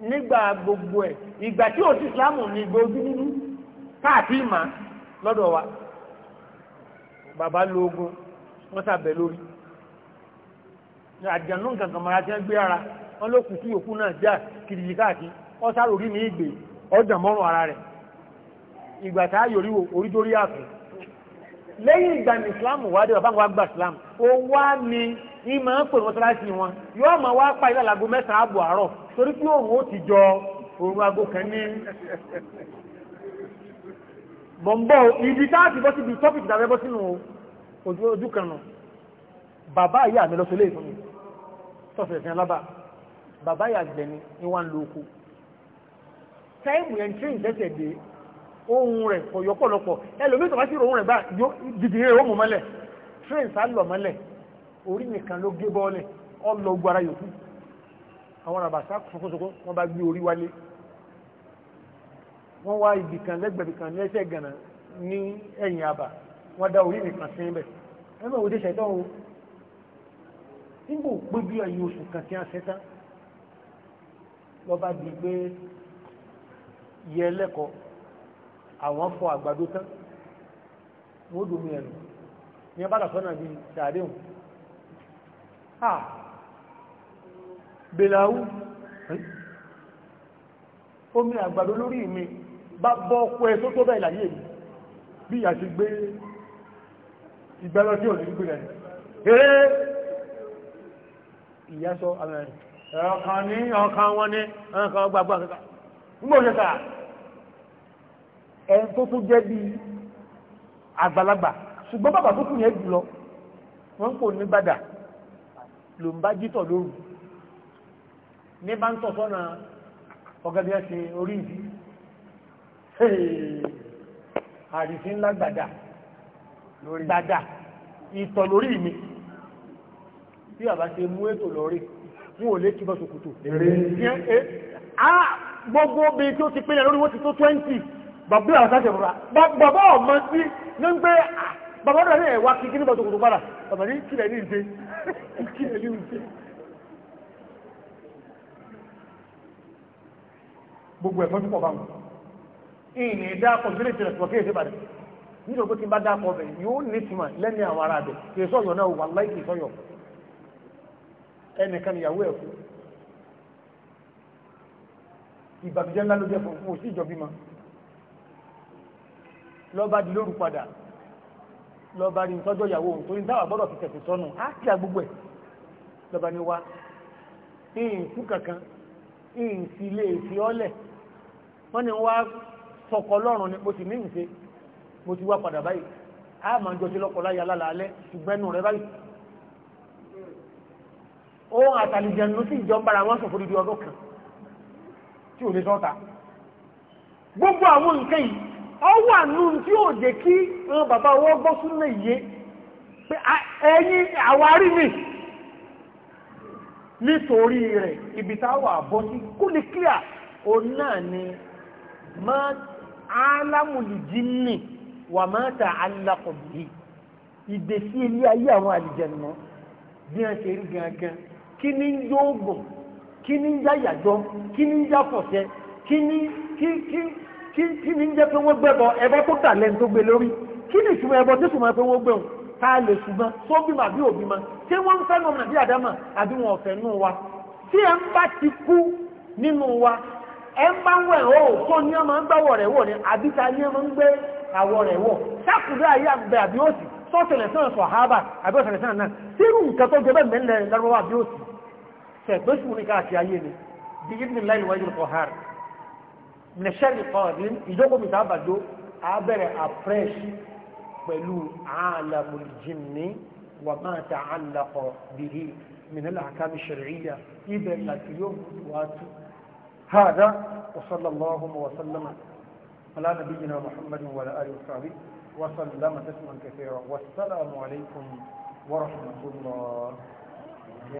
nígbà gbogbo ẹ ìgbà tí òsì islam ní ìgbà ojú nínú káàkiri ìmà lọ́dọ̀ wa bàbá lo ogun wọ́n sàbẹ̀ lórí àjànú nǹkan mara ti wọ́n gbé ara wọn ló kù sí òkú náà já káàkiri wọ́n sáré orí mi ìgbè ọjà mọ́rùn ara rẹ̀ a bàbá wa gba islam ó ní máa ń pè mọ́sálásí wọn yóò máa wá pa ilé àlágó mẹ́sàn-án ààbò àárọ̀ torí pé òun ó ti jọ òru aago kan ní. bọ̀m̀bọ̀ ibi tá a ti bọ́ síbi tọ́pìkì tàbí bọ́ sínú ojú kan nù bàbá ìyá mi lọ́sọ̀lẹ́ ìfún mi tọ́fẹ̀ ìfẹ́ alábà bàbá ìyá gbẹ̀ni ní wọ́n ń lo oko táìmù yẹn tí ń tẹ́sẹ̀ dé ohun rẹ̀ kọ̀yọ́pọ̀lọpọ̀ ẹlòmí tọ́fà sí ohun rẹ̀ bá dìdì rẹ̀ ó mú mọ́lẹ̀ train sá lọ mọ́lẹ̀ orí nìkan ló gé bọ́ọ̀lẹ̀ ọlọ gbára yòókù àwọn àbàsá fọkúnsọkún wọ́n bá gbé orí wálé wọ́n wá ibì kan lẹ́gbẹ̀ẹ́ kan ní ẹsẹ̀ gànà ní ẹ̀yìn àbà wọ́n dá orí nìkan sí ibẹ̀ ẹ mọ̀ òde ṣẹ̀tọ́ o nígbà pé bí ẹ̀yìn oṣù kan tí a ṣẹ́tá lọ́ba di pé yẹ lẹ́kọ̀ọ́ àwọn fọ àgbàdo tán wọ́n dùn mí ẹ̀rù ní abálàfọ́ bíi sàdéhùn ah bèlàú omi àgbàdo lórí mi bá bọ́ ọkọ̀ ẹ tó tó bẹ́ẹ̀ láyé mi bí ìyà ti gbé ìgbẹ́lọ́dí òní gbé rẹ̀ eré ìyá sọ ọkàn ní ọkàn wọn ní ọkàn gbàgbà kẹta nígbò ṣẹta ẹ tó tó jẹ́ bí àgbàlagbà ṣùgbọ́n bàbá tó kù yẹn jùlọ ló ń bá jítọ̀ lóru ní bá ń tọ̀ sọ́nà ọ̀gẹ́bí ẹ̀sìn orí ìdí àrífí ńlá gbàdà gbàdà ìtọ̀ lórí mi bí àbá ṣe mú ètò lọ́rí mú ò lé kí bọ́ sòkòtò gbogbo bí tí ó ti pínlẹ̀ lórí wọ́n ti tó 20 bàbá àwọn sáṣẹ̀ rọra bàbá ọmọ sí ní ń gbé ah, bàbá ọ̀rẹ́ ẹ̀wà kí kí ní padà bàbá ní kílẹ̀ ní ìdí Iki eli ute. Gbogbo ẹ̀fọ́ tí kò bá wọn. Ìní dákọ̀ sílé ìṣẹ̀lẹ̀ tí wọ́n kéèké bàdẹ̀. Nítorí pé kí n bá dákọ̀ ọbẹ̀ yóò ní tìmọ̀ lẹ́ni àwọn ará bẹ̀. Kì í sọ̀yọ̀ náà wà láì kì í sọ̀yọ̀. Ẹnìkan ìyàwó ẹ̀ kú. Ìbàbíjẹ́ ńlá ló jẹ́ fún òsì ìjọbímọ. Lọ́ba di lóru padà lọ́ba rí tọ́jọ́ ìyàwó òun torí dáwà gbọ́dọ̀ fi tẹ̀sùn sọ́nù á kí a gbogbo ẹ̀ lọ́ba ní wá ìyìn fún kankan ìyìn sí ilé ìfi ọ́lẹ̀ wọ́n ní wá sọkọ lọ́rùn ni mo sì ní ìṣe mo ti wá padà báyìí á máa ń jọ sí lọ́kọ láyà lálàálẹ́ ṣùgbọ́n ẹnu rẹ báyìí ohun àtàlìjẹnu sí ìjọmbára wọn sọ fòdìdí ọdún kan tí ò lè sọ́ta gbogbo àwọn nǹkan yìí ọ wà nù tí ò jẹ́ kí wọn bàbá wọn gbọ́ súnmọ́ ìyé pé ẹ̀yin àwárí mi nítorí rẹ̀ ibi táwà bọ́ sí kó lè kíà o náà ni ma alámùlìjínì wà máa ta alákọ̀bí ìdèsí ilé ayé àwọn àlìjẹ̀nà bí wọ́n ṣe rí gangan kí ní ń yóò gùn kí ní ń já kí ní ń kí ní kí kí kí ni ń jẹ́ pé wọ́n ẹbọ tó dà lẹ́nu tó gbé lórí kí ni ìṣúná ẹbọ tó sùnmọ́ pé wọ́n gbẹ̀hùn ká lè ṣùgbọ́n tó bímọ àbí òbí ma ṣé wọ́n ń fẹ́ nù nàbí àdámà ẹ ń bá ti kú nínú wa ẹ ń bá ń wẹ̀ tó ní ọmọ ń rẹ̀ wọ̀ ni àbí ta ní ọmọ ń àwọ̀ rẹ̀ wọ̀ ayé àgbẹ̀ àbí sọ́sẹ̀lẹ̀ ní sẹ́ẹ̀lì kan ní ìjókòó mi sábà ló a bẹ̀rẹ̀ afresh pẹ̀lú alamul jinni wà máa ta alakọ̀ bìrì من الأحكام الشرعية إذا لا يوم واتو هذا وصلى الله وسلم على نبينا محمد وعلى آله وصحبه وسلم تسلما كثيرا والسلام عليكم ورحمة الله